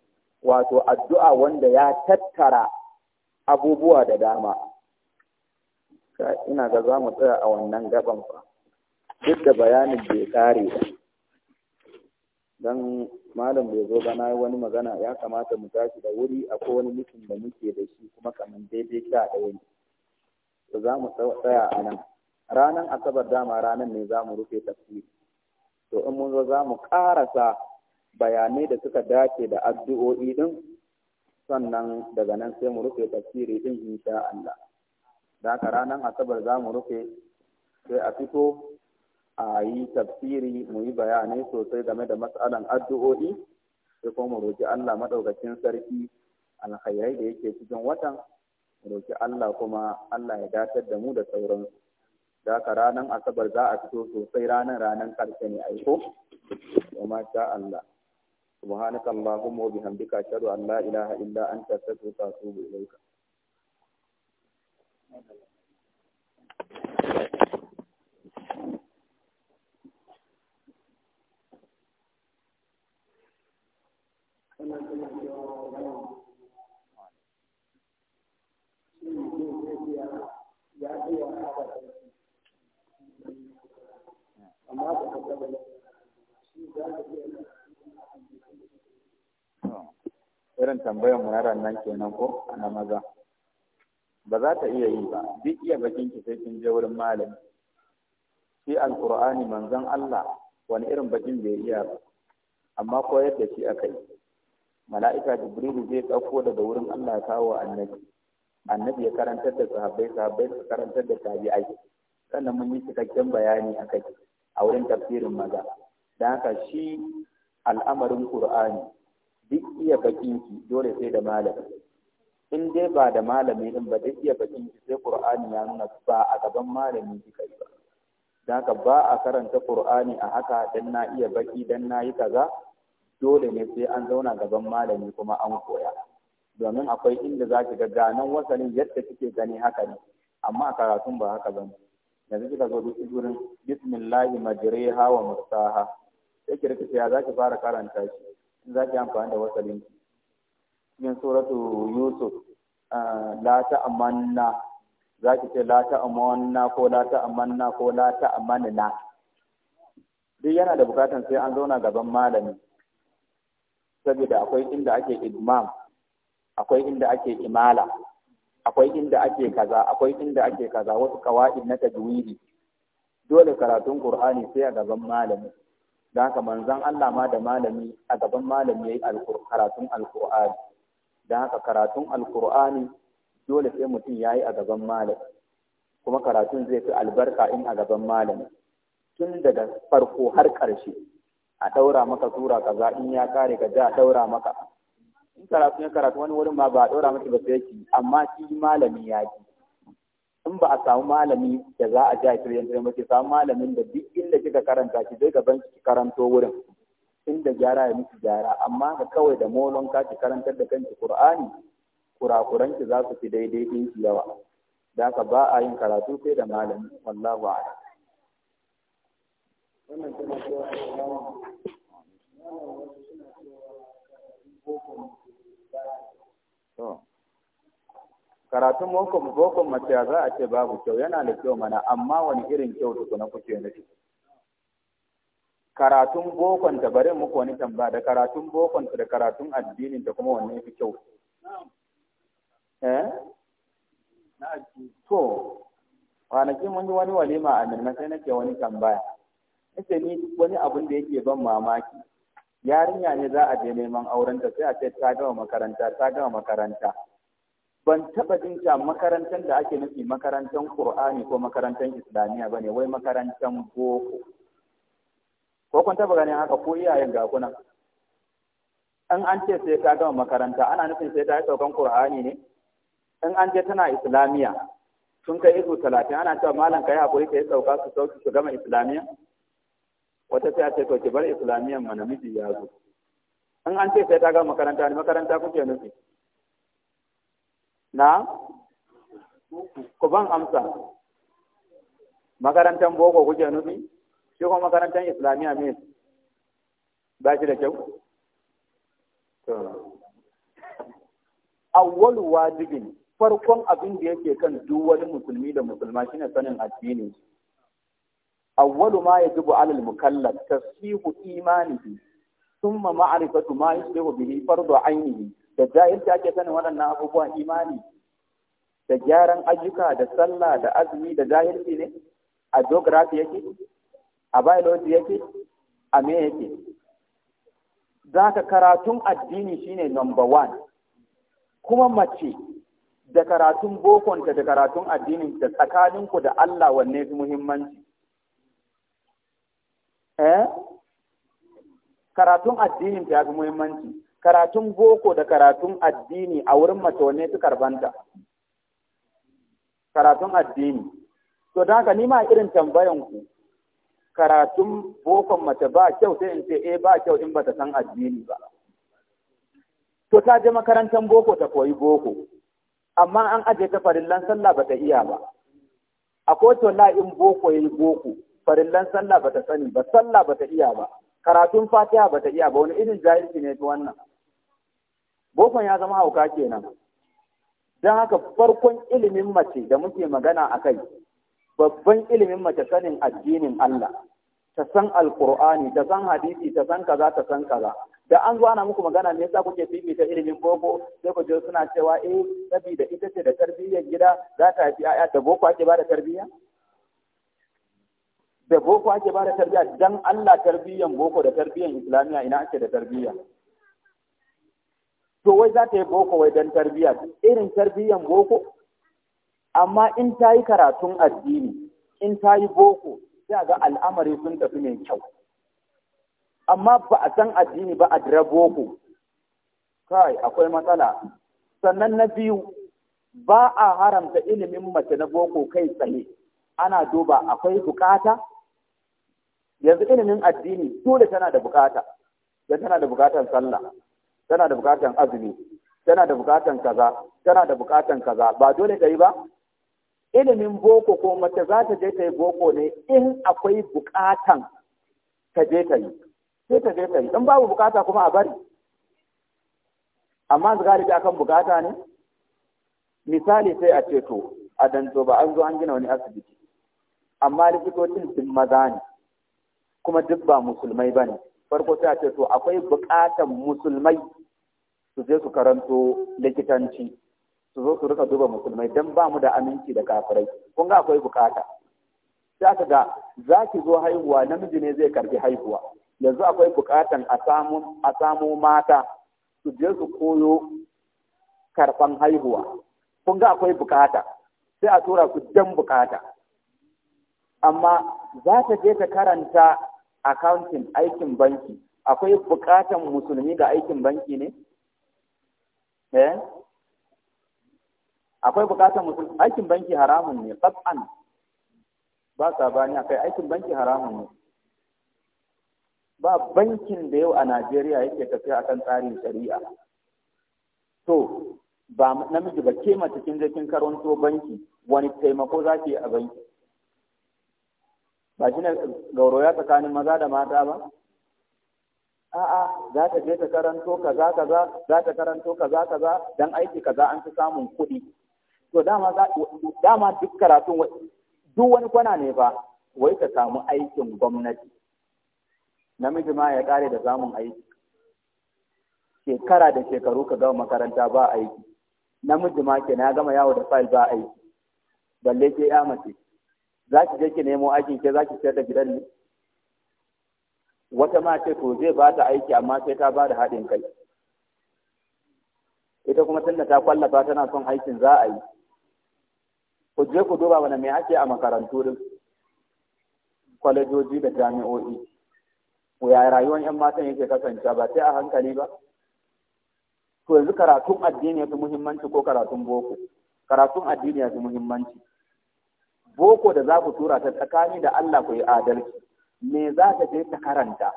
wato addu'a wanda ya tattara abubuwa da dama ina ga za mu tsaya a wannan gaban fa duk da bayanin bai kare ba don malam bai zo ba na wani magana ya kamata mu tashi da wuri a wani mutum da muke da shi kuma kamar daidai sha ɗaya ne to za mu tsaya a nan ranar asabar dama ranar ne za mu rufe tafsiri to in mun zo za mu ƙarasa bayanai da suka dace da addu'o'i din sannan daga nan sai mu rufe tafsiri din insha Allah da aka ranar asabar za mu rufe sai a fito a yi tafsiri mu yi bayanai sosai game da matsalan addu'o'i sai kuma mu roki Allah maɗaukacin sarki alkhairai da yake cikin watan mu roki Allah kuma Allah ya datar da mu da sauransu da aka ranar asabar za a fito sosai ranar ranar karshe ne aiko Kuma sha Allah سبحانك اللهم وبحمدك ashhadu an لا ilaha illa an astaghfiruka wa atubu ilaika irin tambayar mu na rannan kenan ko na maza ba za ta iya yi ba duk iya bakin ki sai kin je wurin malami shi alqur'ani manzon Allah wani irin bakin bai iya ba amma ko yadda shi akai mala'ika jibrilu zai dauko daga wurin Allah kawo annabi annabi ya karantar da sahabbai sahabbai su karantar da tabi'ai sannan mun yi cikakken bayani akai a wurin tafsirin maza dan haka shi al'amarin qur'ani duk iya bakin ki dole sai da malami in dai ba da malami din ba dai iya bakin ki sai qur'ani ya nuna ba a gaban malami kika yi ba dan ka ba a karanta qur'ani a haka dan na iya baki dan na yi kaza dole ne sai an zauna gaban malami kuma an koya domin akwai inda za ki ga ganan wasalin yadda kike gani haka ne amma a karatun ba haka bane yanzu kika zo duk gurin bismillahi majriha wa mursaha sai ki rika ya za fara karanta shi in za ki amfani da wasalin cikin suratu yusuf ah, la ta'amanna za ki ce la amanna ko la amanna ko la amanna duk yana da bukatan sai an zauna gaban malami saboda akwai inda ake idmam akwai inda ake imala akwai inda ake kaza akwai inda ake kaza wasu kawa'id na tajwidi dole karatun qur'ani sai a gaban malami don haka manzon Allah ma da malami a gaban malami yayi karatun alqur'ani don haka karatun alkur'ani dole sai mutum ya yi a gaban malam kuma karatun zai fi albarka in a gaban malami tun daga farko har ƙarshe a ɗaura maka tura kaza in ya kare ka a ɗaura maka in karatu ya karatu wani wurin ma ba a ɗaura maka ba sai ki amma shi malami ya ji in ba a samu malami da za a ja ki yanzu ba samu malamin da duk inda kika karanta ki zai gaban ki karanto wurin inda gyara ya miki gyara amma ka kawai da molon ka ki karantar da kanki Qur'ani kurakuranki za su fi daidai ki yawa da ka ba a yin karatu sai da malami wallahu a'lam wannan tana cewa karatun boko bokon mace za a ce babu kyau yana da kyau mana amma wani irin kyau tukuna kuke nufi karatun bokon ta bari muku wani tamba da karatun bokon da karatun addinin da kuma wanne fi kyau eh to kwanaki mun yi wani walima a nan sai nake wani tambaya nace ni wani abun da yake ban mamaki yarinya ne za a je neman auren ta sai a ce ta gama makaranta ta gama makaranta ban taba jin ta makarantar da ake nufi makarantar Qur'ani ko makarantar Islamiyya bane wai makarantar boko ko kun taba ganin haka ko iyayen ga kuna in an ce sai ta gama makaranta ana nufin sai ta yi saukan qur'ani ne in an ce tana islamiya sun kai izu talatin ana cewa malam ka yi haƙuri ka yi sauka su sauki su gama islamiyya wata sai a ce to ki bar islamiyyan ma namiji ya zo in an ce sai ta gama makaranta ne makaranta kuke nufi na ku ban amsa makarantar boko kuke nufi shi kuma makarantar islamiyya me ba shi da kyau awwalu wajibin farkon abin da yake kan duk wani musulmi da musulma shine sanin addini awwalu ma yajibu alal mukallaf tasihu imanihi thumma ma'rifatu ma yusbihu bihi fardu ainihi da ta ake sanin waɗannan abubuwan imani da gyaran ayyuka da sallah da azumi da jahilci ne a geography yake a biology yake a me yake za ka karatun addini shine number one kuma mace da karatun bokonta da karatun addinin da tsakaninku da Allah wanne fi muhimmanci eh karatun addinin ta fi muhimmanci karatun boko da karatun addini a wurin mace wanne fi karbanta karatun addini to da haka ni ma irin tambayan ku karatun bokon mace ba kyau sai in ce eh ba kyau in bata san addini ba to ta je makarantar boko ta koyi boko amma an aje ta farillan sallah bata iya ba a kowace la in boko yayi boko farillan sallah bata sani ba sallah bata iya ba karatun fatiha bata iya ba wani irin jahilci ne ta wannan bokon ya zama hauka kenan don haka farkon ilimin mace da muke magana a kai babban ilimin mace sanin addinin Allah ta san alqur'ani ta san hadisi ta san kaza ta san kaza da an zo ana muku magana me yasa kuke fifita ilimin boko sai ku je suna cewa eh saboda ita ce da tarbiyyar gida za ta haifi aya da boko ake ba da tarbiyya da boko ake ba da tarbiyya dan Allah tarbiyyan boko da tarbiyyan islamiya ina ake da tarbiyya to wai za ta yi boko wai dan tarbiyya irin tarbiyyan boko amma in ta yi karatun addini in ta yi boko sai ga al'amari sun tafi mai kyau amma ba a san addini ba a dira boko kai akwai matsala sannan na biyu ba a haramta ilimin mace na boko kai tsaye ana duba akwai bukata yanzu ilimin addini dole tana da bukata dan tana da bukatan sallah tana da bukatan azumi tana da bukatan kaza tana da bukatan kaza ba dole yi ba ilimin boko ko mace za ta je ta yi boko ne in akwai bukatan ta je ta yi sai ta je ta yi in babu bukata kuma a bari amma zagari da akan bukata ne misali sai a ceto, to a danto ba an zo an gina wani asibiti amma likitocin sun maza ne kuma duk ba musulmai ba ne farko sai a ce akwai bukatan musulmai su je su karanto likitanci su zo su rika duba musulmai don ba mu da aminci da kafirai kun ga akwai bukata sai aka ga za ki zo haihuwa namiji ne zai karbi haihuwa yanzu akwai bukatan a samu mata su je su koyo karban haihuwa kun ga akwai bukata sai a tura su dan bukata amma za ta je ta karanta accounting aikin banki akwai bukatan musulmi ga aikin banki ne eh akwai bukatar mutum aikin banki haramun ne qat'an ba bani akai aikin banki haramun ne ba bankin da yau a Najeriya yake tafiya akan tsarin shari'a to ba namiji ba ke mace kin je kin karanto banki wani taimako zaki yi a banki ba shi ne gauraya tsakanin maza da mata ba a'a za ta je ta karanto kaza kaza za ta karanto kaza kaza dan aiki kaza an fi samun kuɗi to dama za dama duk karatun duk wani kwana ne fa wai ka samu aikin gwamnati namiji ma ya kare da samun aiki shekara da shekaru ka gama makaranta ba aiki namiji ma ke na gama yawo da fayil ba aiki balle ke ya mace za ki je ki nemo aikin ke za ki sayar da gidan ne wata ma ce to zai ba ta aiki amma sai ta ba da haɗin kai ita kuma tunda ta kwallafa tana son aikin za a yi ku je ku duba wani mai ake a makarantu din kwalejoji da jami'o'i ya rayuwar 'yan matan yake kasance ba sai a hankali ba to yanzu karatun addini ya fi muhimmanci ko karatun boko karatun addini ya fi muhimmanci boko da za ku tura ta tsakani da Allah ku yi adalci me za ta je ta karanta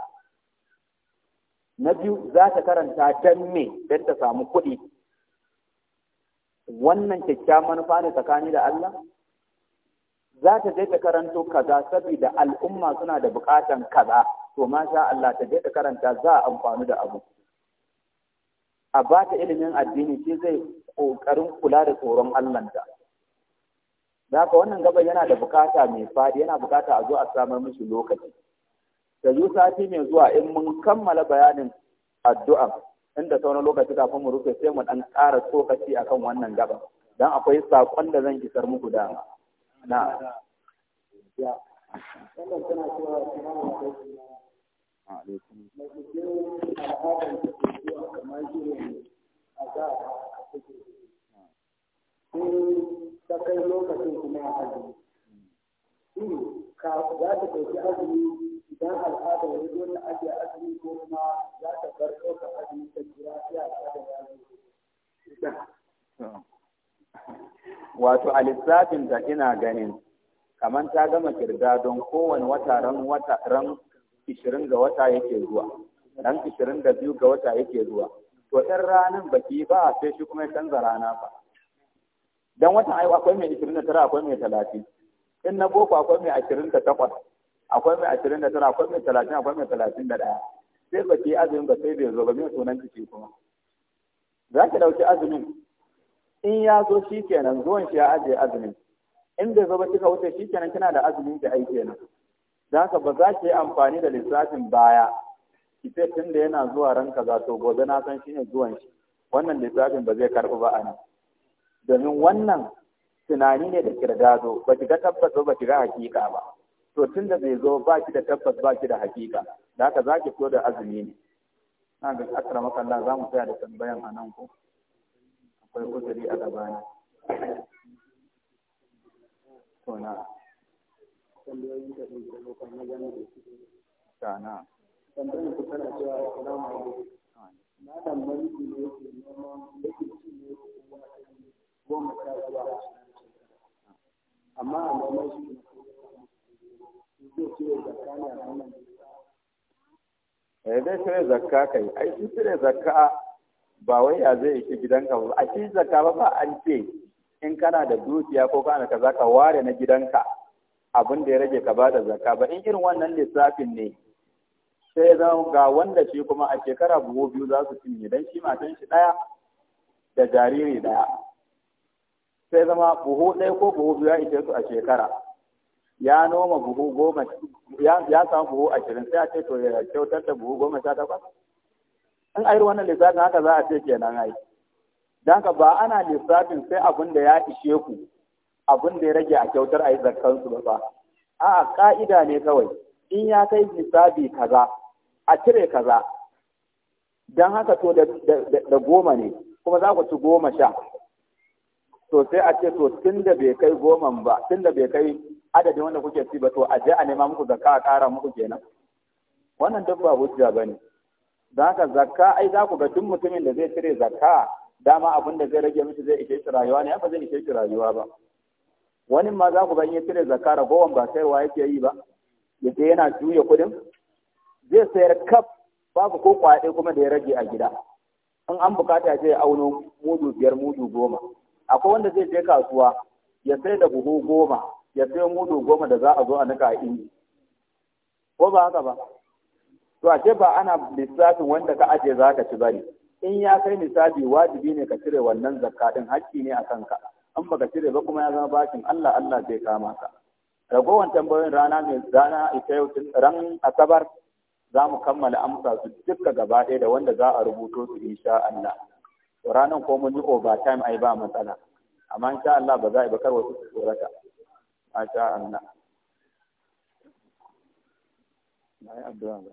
na biyu za ta karanta don me don ta samu kuɗi wannan kyakkyawan manufa ne tsakani da Allah za ta je ta karanto kaza saboda al'umma suna da bukatan kaza to ma sha Allah ta je ta karanta za a amfani da abu a ba ta ilimin addini shi zai kokarin kula da tsoron Allahnta da haka wannan gaban yana da bukata mai faɗi. yana bukata a zo a samar musu lokaci da sati mai zuwa in mun kammala bayanin addu'a inda sauran lokaci kafin mu rufe sai mu dan ƙara tsokaci akan wannan gaba dan akwai sakon da zan isar muku da na wannan tana ta kai lokacin kuma a azumi ka za ta ɗauki azumi idan al'ada ya zo ta ajiye azumi ko kuma za ta bar ɗaukar azumi ta jira sai al'ada ya Wato a lissafin da ina ganin kamar ta gama kirga don kowane wata ran wata ran ishirin ga wata yake zuwa ran ishirin da biyu ga wata yake zuwa to ɗan ranar baki ba sai shi kuma ya canza rana ba dan watan akwai mai ishirin da tara akwai mai talatin in na boko akwai mai ashirin da takwas akwai mai ashirin da tara akwai mai talatin akwai mai talatin da ɗaya sai ba ke azumin ba sai bai zo ba mai sunan ciki kuma za ki ɗauki azumin in ya zo shi kenan zuwan shi ya ajiye azumin in bai zo ba kika wuce shi kenan kina da azumin ki aiki kenan Za ka ba za ki yi amfani da lissafin baya ki ce tun da yana zuwa ran kaza to gobe na san shine zuwan shi wannan lissafin ba zai karɓi ba a nan domin wannan tunani ne da kirgado ba ki ga tabbas ba ki ga hakika ba to tun da zai zo ba ki da tabbas ba ki da hakika da haka za ki fito da azumi ne na ga akara makalla za mu tsaya da tambayan a nan ko akwai uzuri a gabana to na sana tambayan ku tana cewa salamu alaikum na mariki ne ke neman yake ci ne goma sha zuwa amma a shi ne zai cire zakka ne a wannan eh, zai cire zakka kai ai shi cire zakka ba wai ya zai shi gidanka ba a shi zakka ba ba an ce in kana da dukiya ko kana kaza ka ware na gidanka abin da ya rage ka bada zakka ba in irin wannan lissafin ne sai zama ga wanda shi kuma a shekara buhu biyu za su cinye dan shi matan shi daya da jariri daya sai zama buhu ɗaya ko buhu biyu ya ishe su a shekara ya noma buhu goma ya samu buhu ashirin sai a ce to ya kyautar da buhu goma sha takwas in a yi wannan lissafin haka za a ce kenan ai don ka ba ana lissafin sai abin da ya ishe ku abin da ya rage a kyautar a yi zakkansu ba a'a ka'ida ne kawai in ya kai lissafi kaza a cire kaza don haka to da goma ne kuma za ku ci goma sha to sai a ce to tun da bai kai goman ba tun da bai kai adadin wanda kuke ci ba to a je a nema muku zakka a ƙara muku kenan wannan duk ba hujja bane dan haka zakka ai za ku ga duk mutumin da zai cire zakka dama abin da zai rage mishi zai ishe shi rayuwa ne ba zai ishe shi rayuwa ba wani ma za ku ga in ya cire zakka ragowan ba sayarwa yake yi ba Yake yana juya kuɗin zai sayar kaf babu ko kwaɗe kuma da ya rage a gida in an bukata sai ya auno mudu biyar mudu goma akwai wanda zai je kasuwa ya sai da buhu goma ya sai mudu goma da za a zo a nika a inji ko ba haka ba to ashe ba ana lissafin wanda ka aje za ka ci bari in ya kai lissafi wajibi ne ka cire wannan zakka din hakki ne akan ka, an baka cire ba kuma ya zama bashin Allah Allah zai kama ka ragowar tambayoyin rana mai rana ita yau ran asabar za mu kammala amsa su duka gaba ɗaya da wanda za a rubuto su insha Allah ranan ko mun yi overtime ai ba matsala amma insha Allah ba za a yi bakar wasu su a sha Allah na addu'a ba